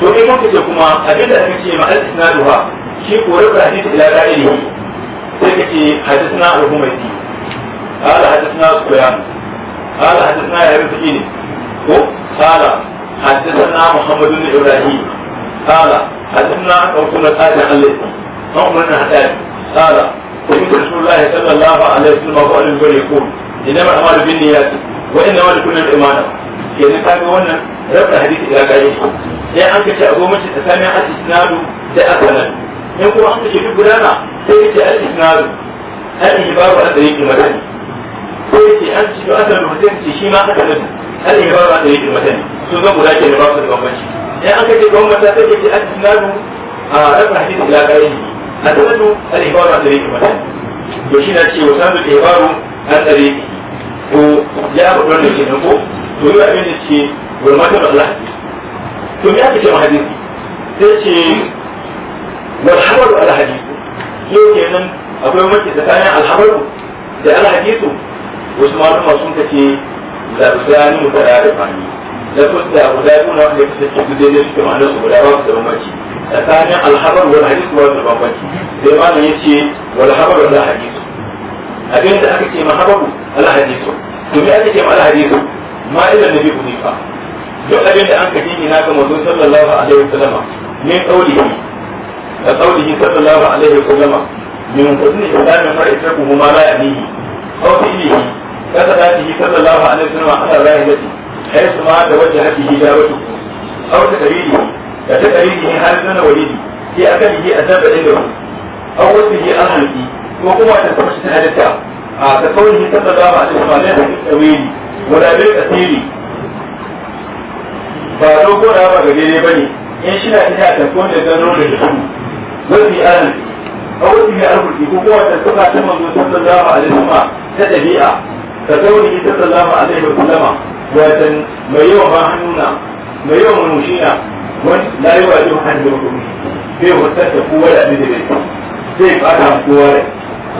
to in muka ce kuma abin da aka ma al-isnaduha shi ko rubu hadisi ila ra'ayi sai ka ce al-humayti قال حدثنا سفيان قال حدثنا يحيى بن قال حدثنا محمد بن ابراهيم قال حدثنا رسول الله صلى الله عليه وسلم قال سمعت رسول الله صلى الله عليه وسلم وقال يقول انما الاعمال بالنيات وانما لكل الامانه kenan na ga wannan rabta hadisi ga kai sai an kace a mace ta sami al-isnadu da asanan in kuma an kace duk gudana sai yace al-isnadu al-ihbaru al-tariqi madani sai yace an ci asalan mutum ce shi ma asalan al-ihbaru al-tariqi madani su ga guda ke da ba da bambanci sai an kace gwamnati ta yace al-isnadu a rabta hadisi ga kai asalanu al-ihbaru al-tariqi madani to shi na ce wasan da ihbaru al-tariqi to ya faɗi wannan ke ko to yi abin da ce gurmatar Allah to me aka ce ma sai ce walhabaru ala hadisi yau kenan akwai mace tsakanin alhabaru da su wasu malama sun ka ce labzani mutara da fani lafus da guda biyu na wanda kusa ce duk daidai suke ma'anar su guda ba su da bambanci tsakanin alhabaru wal hadisu ba su da sai malam ya ce walhabaru ala hadisu abin da aka ce ma hababu alhadisu to me aka ce ma alhadisu ma ila nabi hunifa duk abin da an ka jini na ga manzo sallallahu alaihi wasallam min qawlihi da qawlihi sallallahu alaihi wasallam min qawlihi islamin mar'atuhu ma la yanihi aw fihi kada da shi sallallahu alaihi wasallam ala rahilati haythu ma da wajhatihi dawatu aw takrihi da takrihi hal sana walidi sai aka yi azaba ilahu aw wasihi ahli ko kuma ta tabbata cikin halitta a ta kawai ta tabbata ba a cikin malayar hakin tsawe ne a tsiri ba a dogo da ba gare ba ne in shi na ta ta tafiyon da gano da jikin zai fi anan a wasu ne alburki ko kuma ta tabbata cikin manzo ta tabbata ba a ma ta ɗabi'a ta kawai ta tabbata ba a cikin wajen mai yawan ba hannuna mai yawan murmushina yau hannun da mutum bai wata ta kowa da abin da bai zai fata kowa da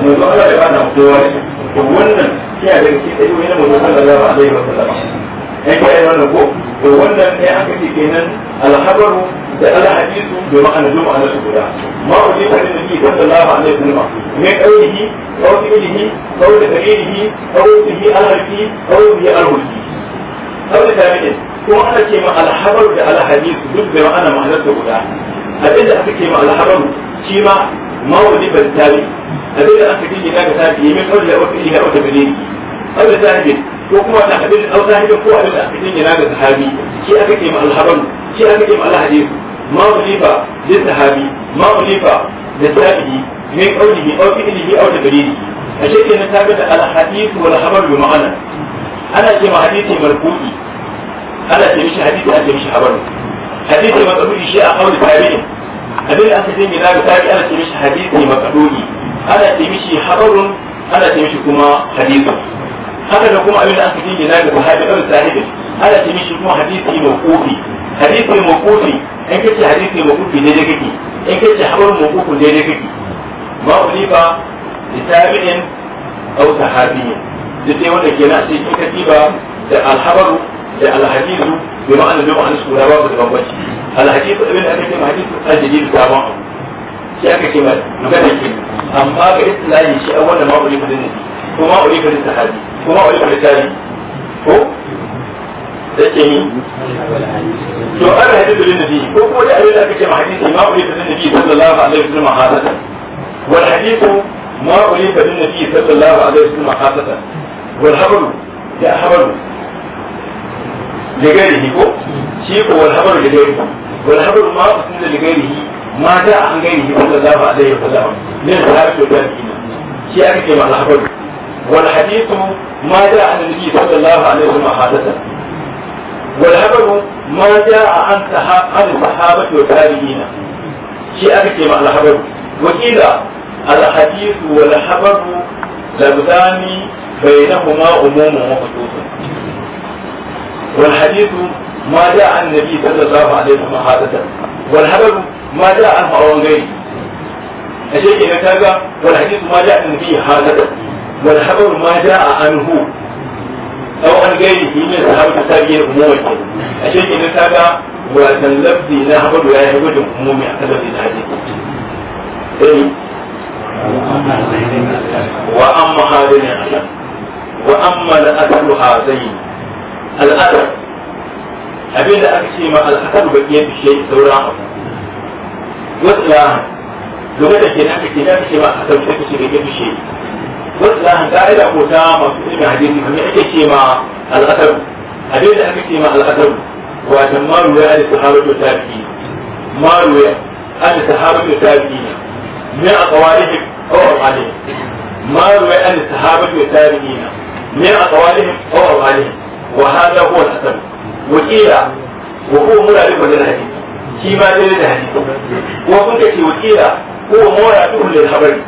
mai zuwa da ba na kowa ne to wannan yana daga cikin ɗaya wani mutum sallallahu alaihi wa sallam ai kai wannan ko to wannan ne aka ce kenan alhabaru da alhadisu da ma'ana da ma'ana su guda ma wani kan da ke sallallahu alaihi wa sallam ne kaulihi kaulihi kauli dalilihi kaulihi alhaqi kaulihi alhaqi kauli dalilin ko ana ce ma alhabaru da alhadisu duk da ma'ana ma'ana su guda abinda aka ce ma alhabaru shi ma موهبة التابع أبدا أكدين إلى كتابه من قبل أوتي إلى أوتي بنيه أو لساهب وكما تقبل أو ساهب هو أبدا أكدين إلى كتابه شيء أكدين الحرم شيء أكدين الحديث ما أضيف للصحابي ما أضيف للتابعي من قوله أو في إله أو تبريره أشياء أن ثابت الحديث والخبر بمعنى أنا كما حديثي مرفوعي أنا كمش حديثي أنا كمش خبر حديثي مرفوعي شيء أقول تابعين abin da aka ce gina ga tabi ana ce mishi hadisi makadoni ana ce mishi habarun ana ce mishi kuma hadisi haka da kuma abin da aka ce gina ga sahabi ɗan sahibi ana ce mishi kuma hadisi mawqufi hadisi mawqufi in kace hadisi mawqufi ne daga kake in kace habarun mawqufi ne daga kake ma ulifa litabi'in aw sahabiyyin duk dai wanda kenan sai kika tiba da alhabaru da alhadisu bi ma'ana bi ma'ana sura babu da bambanci alhadisu abin da aka ce ma hadisu aljadid sabon abu shi aka ce ma magana ke amma ga islahi shi a wanda ma ulika din ko ma ulika din sahabi ko ma ulika din tabi ko take ni to an hadisu din nabi ko ko da abin da aka ce ma hadisu ma ulika din nabi sallallahu alaihi wasallam hadasa wal hadisu ma ya ko ko والحبر ما أسند لغيره ما جاء عن غيره صلى الله عليه وسلم من الخلافة والتابعين شيء أكثر مع الحبر والحديث ما جاء عن النبي صلى الله عليه وسلم حادثا والهبل ما جاء عن عن الصحابة والتابعين شيء أكثر مع الحبر وقيل الحديث والحبر لبدان بينهما عموم وخصوص والحديث ما جاء عن النبي صلى الله عليه وسلم حادثا والحبل ما جاء عنه أو عن غيره أشيء إذا كان والحديث ما جاء عن النبي حادثا والحبل ما جاء عنه أو عن غيره من صحابة التابعين عموما أشيء إذا كان وكان لفظي لا حبل ولا يهود عموما اعتبر الحديث وأما هذين الأثر وأما الأثر هذين الأثر abin da aka ce ma al'akar bakiyar bishiyar sauran abu wasu lahan domin da ke na aka ce na ce ma al'akar bakiyar bishiyar bishiyar wasu lahan ta aida ko ta masu ilimin hadisi kamar ake ce ma al'akar abin da aka ce ma al'akar wata maruya da sahabatu ta fi maruya da sahabatu ta fi min a kawarihin kawar alin maruya da sahabatu ta fi min a kawarihin kawar alin وهذا هو الأثر wakila wa huwa muradun lil hadith shi ma dai da hadith wa kun wa wakila huwa muradun lil habari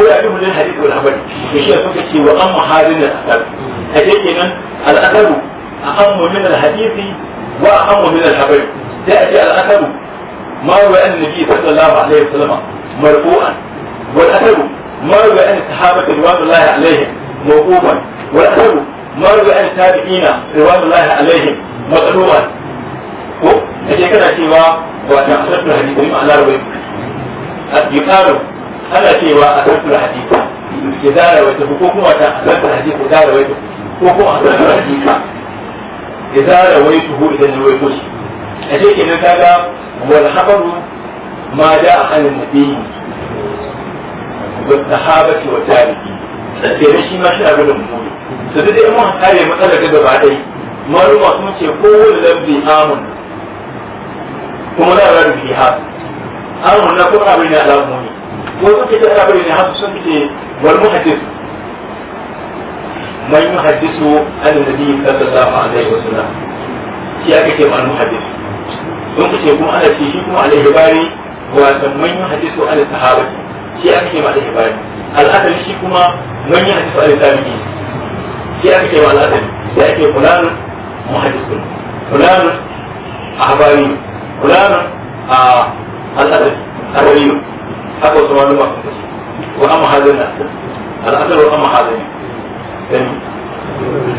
muradun lil hadith wal habari to shi kun kace wa amma halin al asar kace kenan al asar ahammu min al hadith wa ahammu min al habari da ake al asar ما روى النبي صلى الله عليه وسلم مرفوعا والاثر ما روى عن الصحابه رضوان الله matsaloma ko da ke kana cewa wata asartu ko domin Allah rawai yuqalu ana cewa asartu hadisi ya zara ko kuma ta asartu ko zara ko kuma asartu hadisi ya zara wata ko idan ne wai kushi a ce kenan kaga wal habaru ma da an nabi wa sahabati wa tabi'i sai shi ma shi abin da mu to dai mun kare matsalar da gaba ɗaya maluma sun ce kowane labbi amun kuma na rarrabe fi ha amun na kuma abin ne alamu ne ko suke ta abin ne hasu sun ce wal muhaddis mai muhaddisu an nabi sallallahu alaihi wasallam shi aka ce mal muhaddis sun ce kuma ana ce shi kuma alaihi bari wato mai muhaddisu an sahaba shi aka ce mal bari al'adali shi kuma mai muhaddisu an tabi'i shi aka ce mal al'adali sai ake kulanin مخيفون فلان أحباري فلان الأدب أدبي haka wasu wani ba wa amma hazina al'adar wa amma hazina dan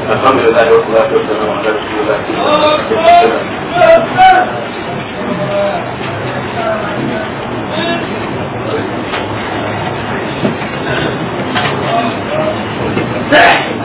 alhamdulillah wa salatu wa salam ala rasulillah Thank you.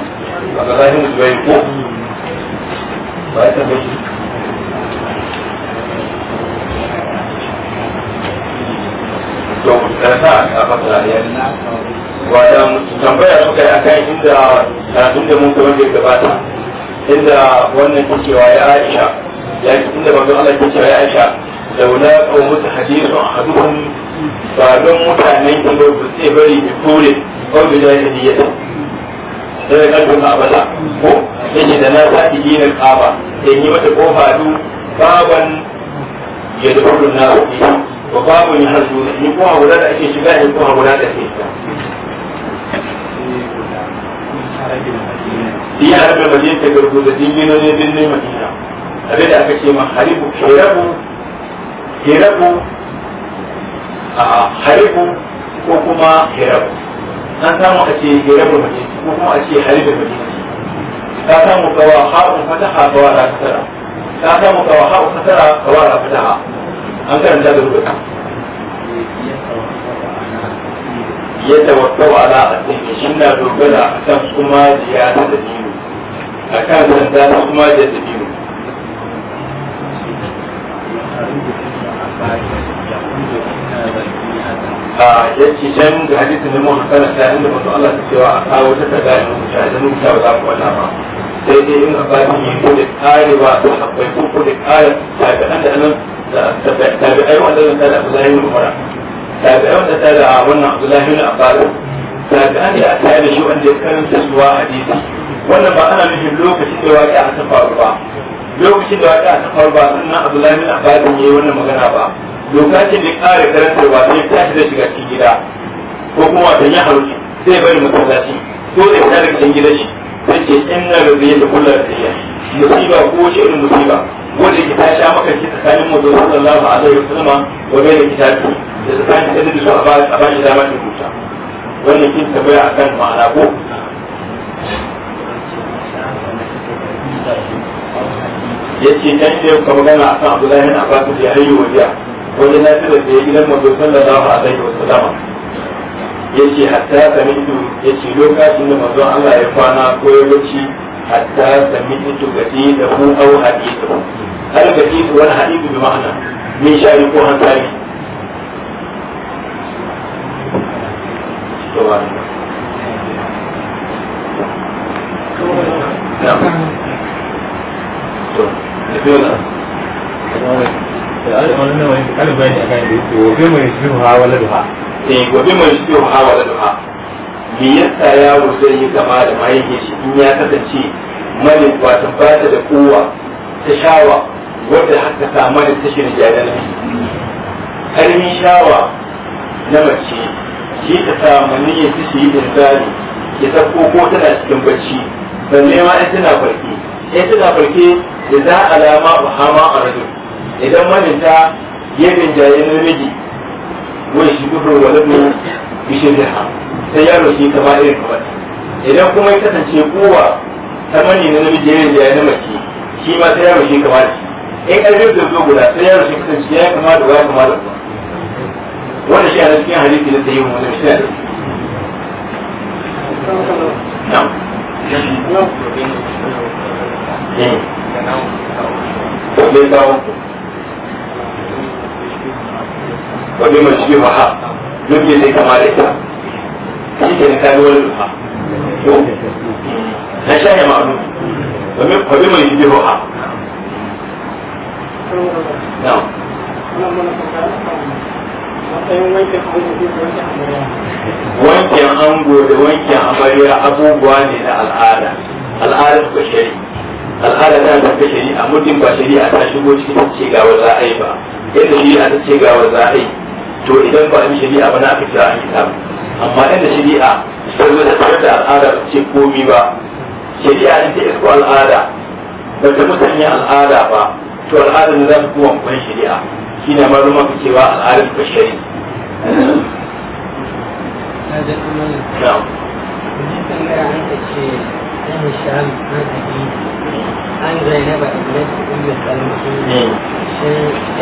duk da karatun da mun kamar da gabata inda wannan ke cewa ya aisha ya inda manzon Allah ke cewa ya aisha laula qawmut hadithun ahaduhum ba don mutanen ki ba ku sai bari ki kore ko bi jahiliyyah sai ka tuna abada ko yake da na sa dina kaba sai yi mata kofa du baban ya dukkan na wa babun ya hazu ni kuma guda da ake shiga ni kuma guda da ke shi ya rabe waje ta garguza dinginonin birnin madina abin da aka ce ma haribu kerabu kerabu a haribu ko kuma herabu an samu a ce herabu madina ko kuma a ce haribu madina ta samu kawa ha'un fataha kawa la fatara ka samu kawa ha'un fatara kawa la fataha an karanta da rubuta ya tawakkau ala asirki shi na dogara a kan kuma jiya ta dabiru a kan sanda ta kuma jiya ta dabiru a yake can ga hadisi na mun karanta inda mutu Allah ta cewa a kawo ta daga yin mutane mun ta ba ku wala ba sai dai in abadi ne ko da karewa da akwai ko da kare ta da annan da tabi'ai wanda da ta da Abdullahi yi Umar tabi'an da tada a wannan abdullahi a abbas tabi'an da aka yi da shi wanda ya karanta suwa hadisi wannan ba ana nufin lokacin da waƙi ta faru ba lokacin da waƙi ta faru ba sannan abdullahi bin abbas ya yi wannan magana ba lokacin da kare ƙara karantarwa sai ta tashi da shiga cikin gida ko kuma wata ya haruki zai bari masallaci dole ya tare cikin gida shi yace inna rabbi da kullu rabbiya musiba ko wace irin musiba wanda ke tashi maka ki tsakanin mu da sallallahu alaihi wasallam wa bai da kitabi da tsakanin da a ba a ba shi dama ta huta wannan kin tabbaya akan ma'ana ko yace dan da ka magana akan Abdullahi bin Abbas da yayi wajiya wanda na tada da gidan mu sallallahu alaihi wasallam yace hatta sami'tu yace lokacin da manzon Allah ya kwana ko ya wuce hatta sami'tu gadi da mu au hadithu har gadi wani hadithu bi ma'ana min shari ko hankali to ba to da dole da al'amarin nan wani kalibani a kan da yake wofe mai shirin hawa laduha Eh, gobe mai shi yau hawa da duha me yasa yaro zai yi gama da mahaifin shi in ya kasance mani wata ba ta da kowa ta shawa wadda haka ta da ta shirin jadan karmin shawa na mace shi ta samu niyyar ta shi yi insani ya sako ko tana cikin bacci sannan ma in tana farki in tana farki da za alama a hama a rajin idan maninta ya rinjaye namiji wai shi kusur wani mu bishe zai sai yaro shi ta ba irin kamar idan kuma ya kasance kowa ta mani na namiji ya yi na mace shi ma sai yaro shi kamar da in ƙarfin da zo guda sai yaro shi kasance ya kama da wani kama da kuma wanda shi a na cikin hadisi na ta yi wani shi na da wa bi man shi ha duk ne kama da ita shi ke kai wani ha to na sha ya ma'anu wani bi wa bi man ha wankin ango da wankin amarya abubuwa ne na al'ada al'adar ba shari'a al'ada ta da ta shari a mutum ba shari'a ta shigo cikin ce ga wa za a yi ba yadda shari'a ta ce ga wa za a yi to idan ba ni shari'a ba na aka kira an kitabu amma inda shari'a sai zo da da al'ada ba ce komi ba shari'a ne ta isko al'ada ba ta mutane al'ada ba to al'ada ne za ta kuma ban shari'a shi ne maruma ku cewa al'adar bashari. an zainaba ibn ummi salma shin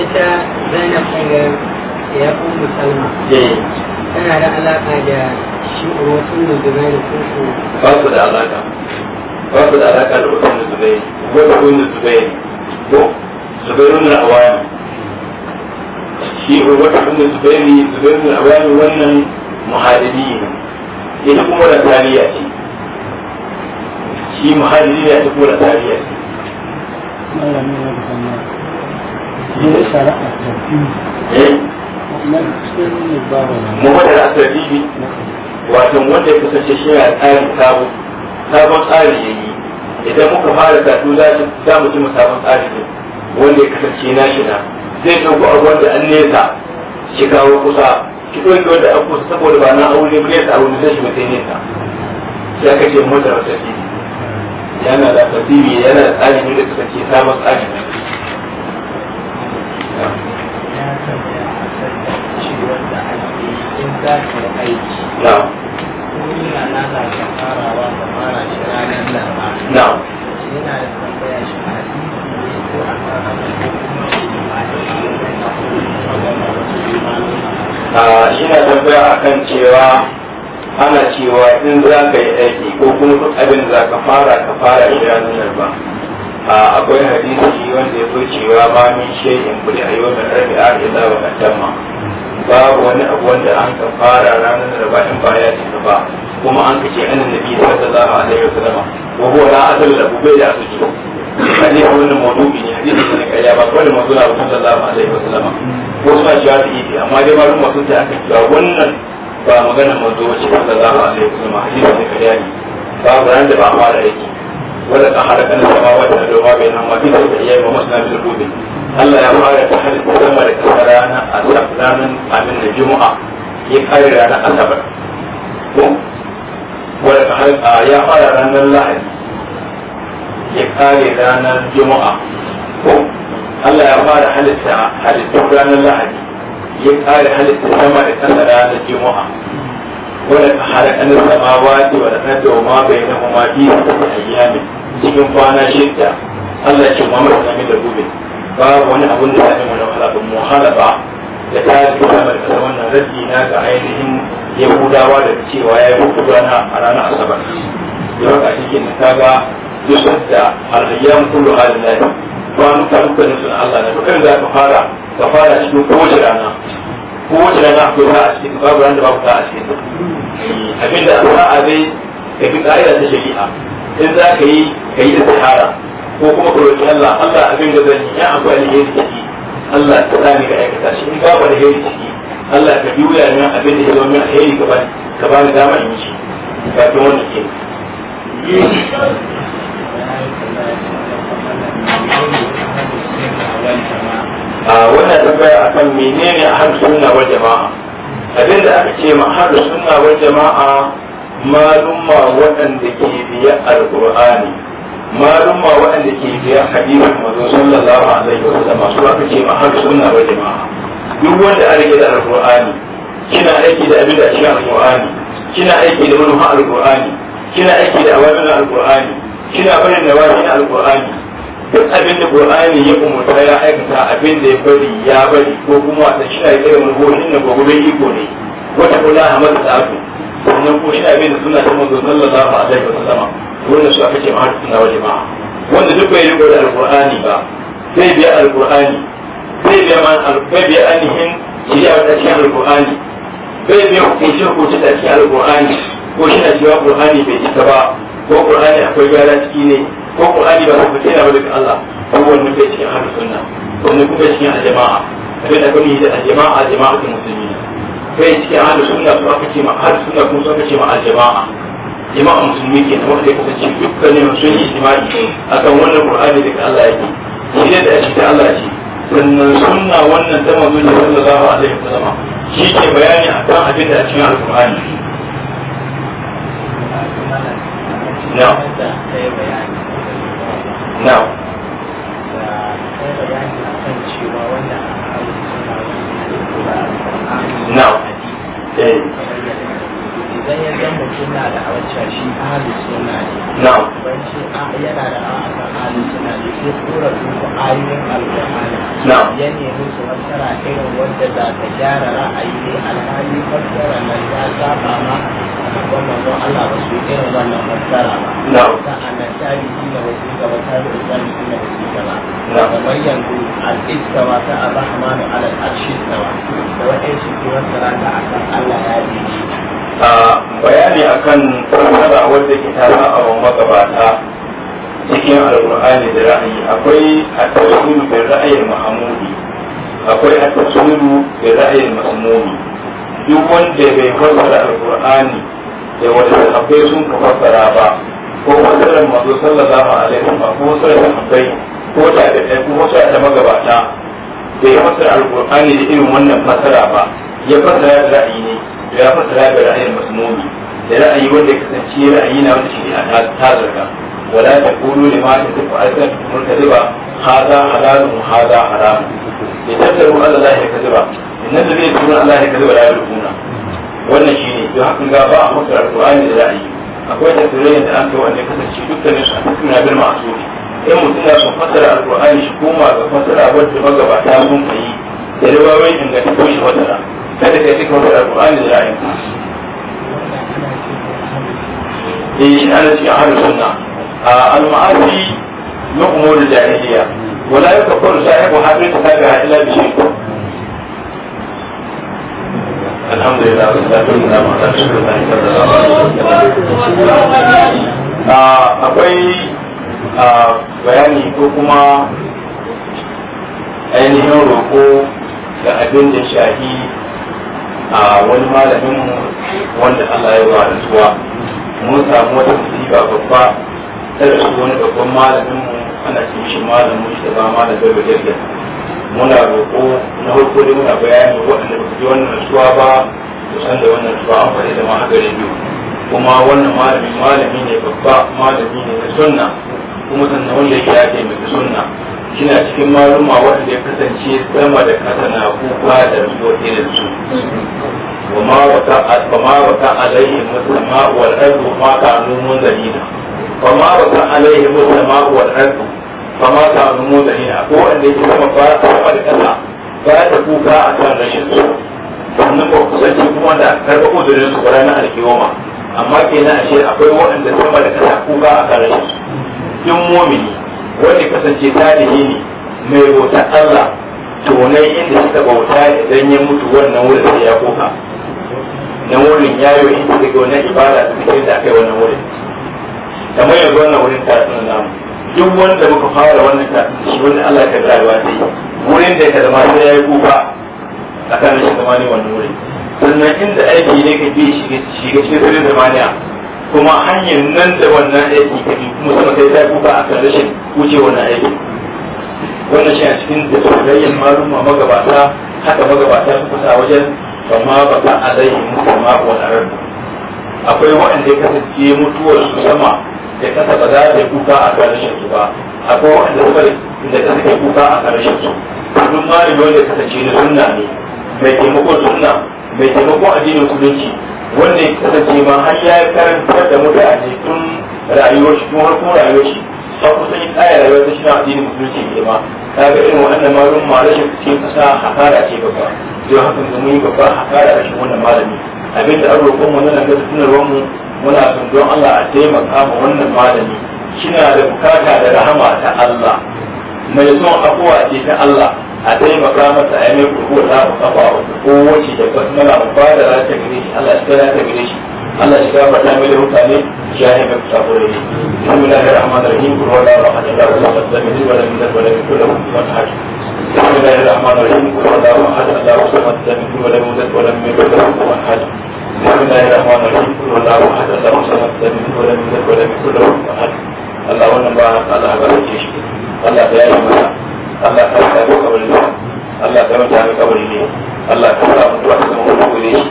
ita zainab ɗin ya ummu salma tana da alaka da shi urwatun da zubai da kushu ba su da alaka ba su da alaka da urwatun da zubai wata kuyin da zubai ko zubairun da awani shi urwatun da zubai zubairun da awani wannan muhadiri ne ita kuma da tariya ce shi muhadiri ne ta kuma da tariya ce Malamin ya da mu wanda da aka bibi wato wanda ya kasance shi ya tsarin sabo sabon tsari ya yi idan muka fara tatu za mu ji mu sabon tsari ne wanda ya kasance na shi na zai dogo a wanda an nesa shi kawo kusa ki ɗauki wanda an kusa saboda ba na aure ba nesa aure zai shi mutai nesa sai aka ce mota wata bibi yana da tasiri yana da tsari ne da kasance sabon tsari ne yi aiki yana na za ta farawa ta fara shi ranar larba yana da tambaya shi a ko a fara a shi na tambaya akan cewa ana cewa in za ka yi aiki ko kuma duk abin za ka fara ka fara shi ranar larba akwai hadisi wanda ya fi cewa ma min shayin kuli a yau da rabi'a ila wa tamma. babu wani abu wanda an ka fara ranar da bayan baya ce ba kuma an kace annan nabi sallallahu alaihi wasallam wa huwa la asal lahu bai da asali hadisi wannan mawdu'i ne hadisi ne kai ya ba kawai manzo Allah sallallahu alaihi wasallam ko suna cewa da idi amma dai ba ruwa sun ta aka cewa wannan ba magana manzo ce sallallahu alaihi wasallam hadisi ne kai ya ne babu ran da ba amma da yake wala ka haraka na samawa da ruwa bai nan ma bi da yayi ba masna bil rubi Allah ya fara ta hali sama da ta rana a sabanin amin da juma'a ya kare rana asabar ko wanda ta hali ya fara ranar lahadi ya kare ranar juma'a ko Allah ya fara halitta halittun ranar lahadi ya kare halitta sama da kasa ranar juma'a wanda ta hali an samawati wa da kanta wa ma bai na kuma biyu da ayyamin cikin kwana shidda Allah ya ce mamar sami da babu wani abun da zai wani halabin ba da ta yi kuma da kasa wannan raddi na ga ainihin yahudawa da cewa ya yi hukuku rana a ranar asabar yau a cikin ta ga yusuf da alayyan kullu halin lafi kwanuka dukkanin suna allah na dukkan za ka fara ka fara cikin kowace rana kowace rana akwai ta a cikin babu ranar da babu ta a cikin eh, abinda a sa'a dai ka bi ka'ida ta shari'a in za ka yi ka yi istihara ko kuma ko roƙi Allah Allah abin da zan yi ya akwai alheri ciki Allah ta sani da aikata shi in babu alheri ciki Allah ka juya ni abin da ya min alheri ka bani ka bani dama in ci kafin wannan ke a wannan tambaya akan menene ahal sunna wal jama'a abin da aka ce ma ahal sunna wal jama'a malumma waɗanda ke biya alqur'ani ma waɗanda ke biyan hadisin mazo sallallahu alaihi wa sallam su aka ce ma har sunna wa jama'a duk wanda an rike da alqur'ani kina aiki da abin da a cikin alqur'ani kina aiki da manufa alqur'ani kina aiki da awamin alqur'ani kina barin da wani alqur'ani duk abin da qur'ani ya umurta ya aikata abin da ya bari ya bari ko kuma wata kina rike da manufofin da gobe iko ne wata kula a mata ta'atu sannan ko kina abin da suna ta mazo sallallahu alaihi wa sallama dole su aka ce ma suna wa jama'a wanda duk bai rigo da ba sai biya alqur'ani sai biya man bai biya anihin shari'a da cikin alqur'ani bai biya hukunci hukunci da cikin alqur'ani ko shi na cewa qur'ani bai isa ba ko qur'ani akwai gara ciki ne ko qur'ani ba su fitina ba daga Allah ko wannan bai cikin ahlus sunna wannan kuma cikin aljama'a abin da kuma yi da aljama'a jama'atul muslimin bai cikin ahlus sunna su aka ce ma ahlus sunna kuma su aka ce ma aljama'a jama'a musulmi ke wanda ya kasance dukkanin sun yi jima'i akan wannan qur'ani daga Allah yake shi ne da shi da Allah ce sannan sunna wannan ta manzo ne sallallahu alaihi wasallam shi ke bayani akan abin da a cikin qur'ani na'am na'am na'am eh. idan ya zan mutum na da awacca shi ahalin suna ne na ce yana da ahalin suna ne sai tura duka ayoyin alƙur'ani na ya nemi su fassara irin wanda za ta gyara ra'ayi ne alhali fassara nan ya saba ma sabon manzon Allah ba su irin wannan fassara ba na sa'annan tabi'i na wasu gaba tabi'i tabi'i na wasu gaba kamar yanzu al'istawa ta arrahmanu alal arshi istawa da wa'in su ke fassara ta akan Allah ya daidai bayani akan tsara wadda ke tara a magabata cikin alkur'ani da ra'ayi akwai at-tafsiru bil ra'ayin mahamudi akwai at-tafsiru bil ra'ayin masmumi duk wanda bai fassara alkur'ani da wanda akwai sun fassara ba ko fassarar mazo sallallahu alaihi wa ko fassarar sahabbai ko da da ko fassarar da magabata bai fassara alkur'ani da irin wannan fassara ba ya fassara ra'ayi ne ya fassara da ra'ayin masmumi da ra'ayi wanda ya kasance ra'ayi na wanda shi a tazarka wala ta kulu lima ta tafi alkan murtaziba hada halalun hada haram ya tattaru Allah ya kaziba inna da zai tuna Allah ya zuba ya rubuna. wannan shine don haka ga ba a maka alqur'ani da ra'ayi akwai tafsirin da an kai wanda kasance dukkanin su a cikin abin masu in mutum ya kan fassara alqur'ani shi koma ga fasara wanda magabata sun kai da rubawai ingantattun shi fassara kada ka cika wani alƙur'ani da ra'ayin eh ana cikin ahlus sunna al-ma'asi na. umur al-jahiliya wala yakfur sahibu hadith tabi'a illa bi alhamdulillah akwai bayani ko kuma ainihin roƙo da abin da shahi a wani malamin mu wanda Allah ya wa rantsuwa mun samu wata musiba babba ta su wani babban malamin mu ana cin shi malamin mu shi ba malamin da jirgin muna roƙo na farko da muna bayani waɗanda ba su ji wannan rantsuwa ba su san da wannan rantsuwa an faɗi da ma'a gare biyu kuma wannan malamin malami ne babba malami ne na sunna kuma sannan wanda ya taimaki sunna kina cikin maluma wanda ya kasance sama da kasa na kuka da ruwa irin su وما وقع وما وقع عليهم السماء والارض وما كانوا منذرين وما وقع عليهم السماء والارض وما كانوا منذرين ko wanda yake kuma ba ta sama da kasa ba ta kuka a kan rashin su sannan ba kusanci kuma da karɓa udurin su ranar alkiyoma amma kenan ashe akwai waɗanda sama da kasa kuka a kan rashin su in mumini wanda kasance tarihi ne mai bautar Allah to nan inda suka bauta idan ya mutu wannan wurin sai ya koka Na wurin ya yi inda daga wannan ibada da cikin da aka yi wannan wurin kamar yanzu wannan wurin tasirin namu duk wanda muka fara wannan ta shi wani Allah ka rayuwa sai wurin da ka zama sai ya yi kuka tsakanin shi zama ne wannan wurin sannan inda aiki ne ka bi shi ga cikin zamaniya kuma hanyar nan da wannan aiki ka bi kuma sama kai ta kuka a kan rashin wuce wannan aiki wannan shi a cikin da soyayyar maluma magabata haka magabata su kusa wajen ma ba ta ka ma a wani akwai waɗanda ya kasance mutuwar su sama da kasa ba za ta kuka a kan rashin su ba akwai waɗanda bari da kasa ke kuka a kan rashin su kullum ma da kasance na sunna ne mai taimakon sunna mai taimakon addinin kudinci wanda ya kasance ma har ya karantar da mutane tun rayuwar shi tun harkar rayuwar shi ba kusa yin tsaya rayuwar ta shina addinin musulunci ne ma ta ga irin wannan malum ma rashin cikin kasa hakara ce babba don haka mu yi babba hakara rashin wannan malami abinda an roƙon mu nan ga tunarwar mu muna son don Allah a taimaka ma wannan malami kina da bukata da rahama ta Allah mai son afuwa ce ta Allah a taimaka masa a yi mai kurkuwa ta mu kafa ko wace da kwasu mana mu ba da rata gare shi Allah shi kana ta gare shi Allah shi gafa ta mai da mutane shi ya yi mai kusa gore ne bismillahir rahmanir rahim qul huwa allahu ahad allahu samad lam yalid wa lam yulad wa lam yakul lahu kufuwan ahad bismillahir rahmanir rahim qul huwa allahu ahad allahu samad lam yalid wa lam yulad wa lam yakul lahu kufuwan ahad bismillahir rahmanir rahim qul huwa allahu ahad allahu samad lam yalid wa lam yulad wa lam yakul lahu kufuwan ahad Allah wannan ba Allah ba shi Allah ya yi masa Allah ta sa kabari ne Allah ta manta mu kabari ne Allah ta sa mu duwa ta mu kabari ne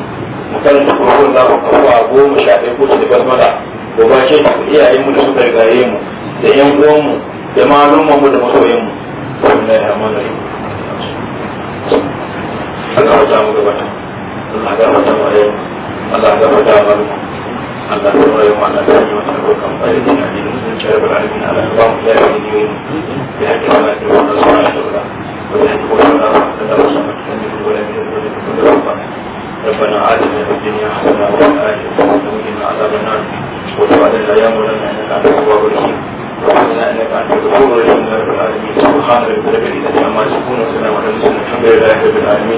mu su ko a goma sha ɗaya ko da basmala ko ba ce ku iyayen mu da suka rigaye mu da yan uwan mu da malumman mu da mu wallahi rahman rahim Allah ta mu gabata Allah ta mu ayyuka Allah ta mu Allah ta bayo ma Allah ta yi wata abokan bayan da ne mutum ce rabar alimin Allah ta ba mu da yawan yi da ya ta wani da wani su na shawara wanda ya ta wani da wani da wasu mutum da kuma wani da wani da kuma da wani ربنا آتنا في الدنيا حسنة وفي الآخرة حسنة وقنا عذاب النار وتب علينا يا مولانا إنك أنت التواب الرحيم وحسنا إنك أنت الغفور الرحيم يا رب العالمين سبحان ربك رب العزة عما يصفون وسلام على المرسلين الحمد لله رب العالمين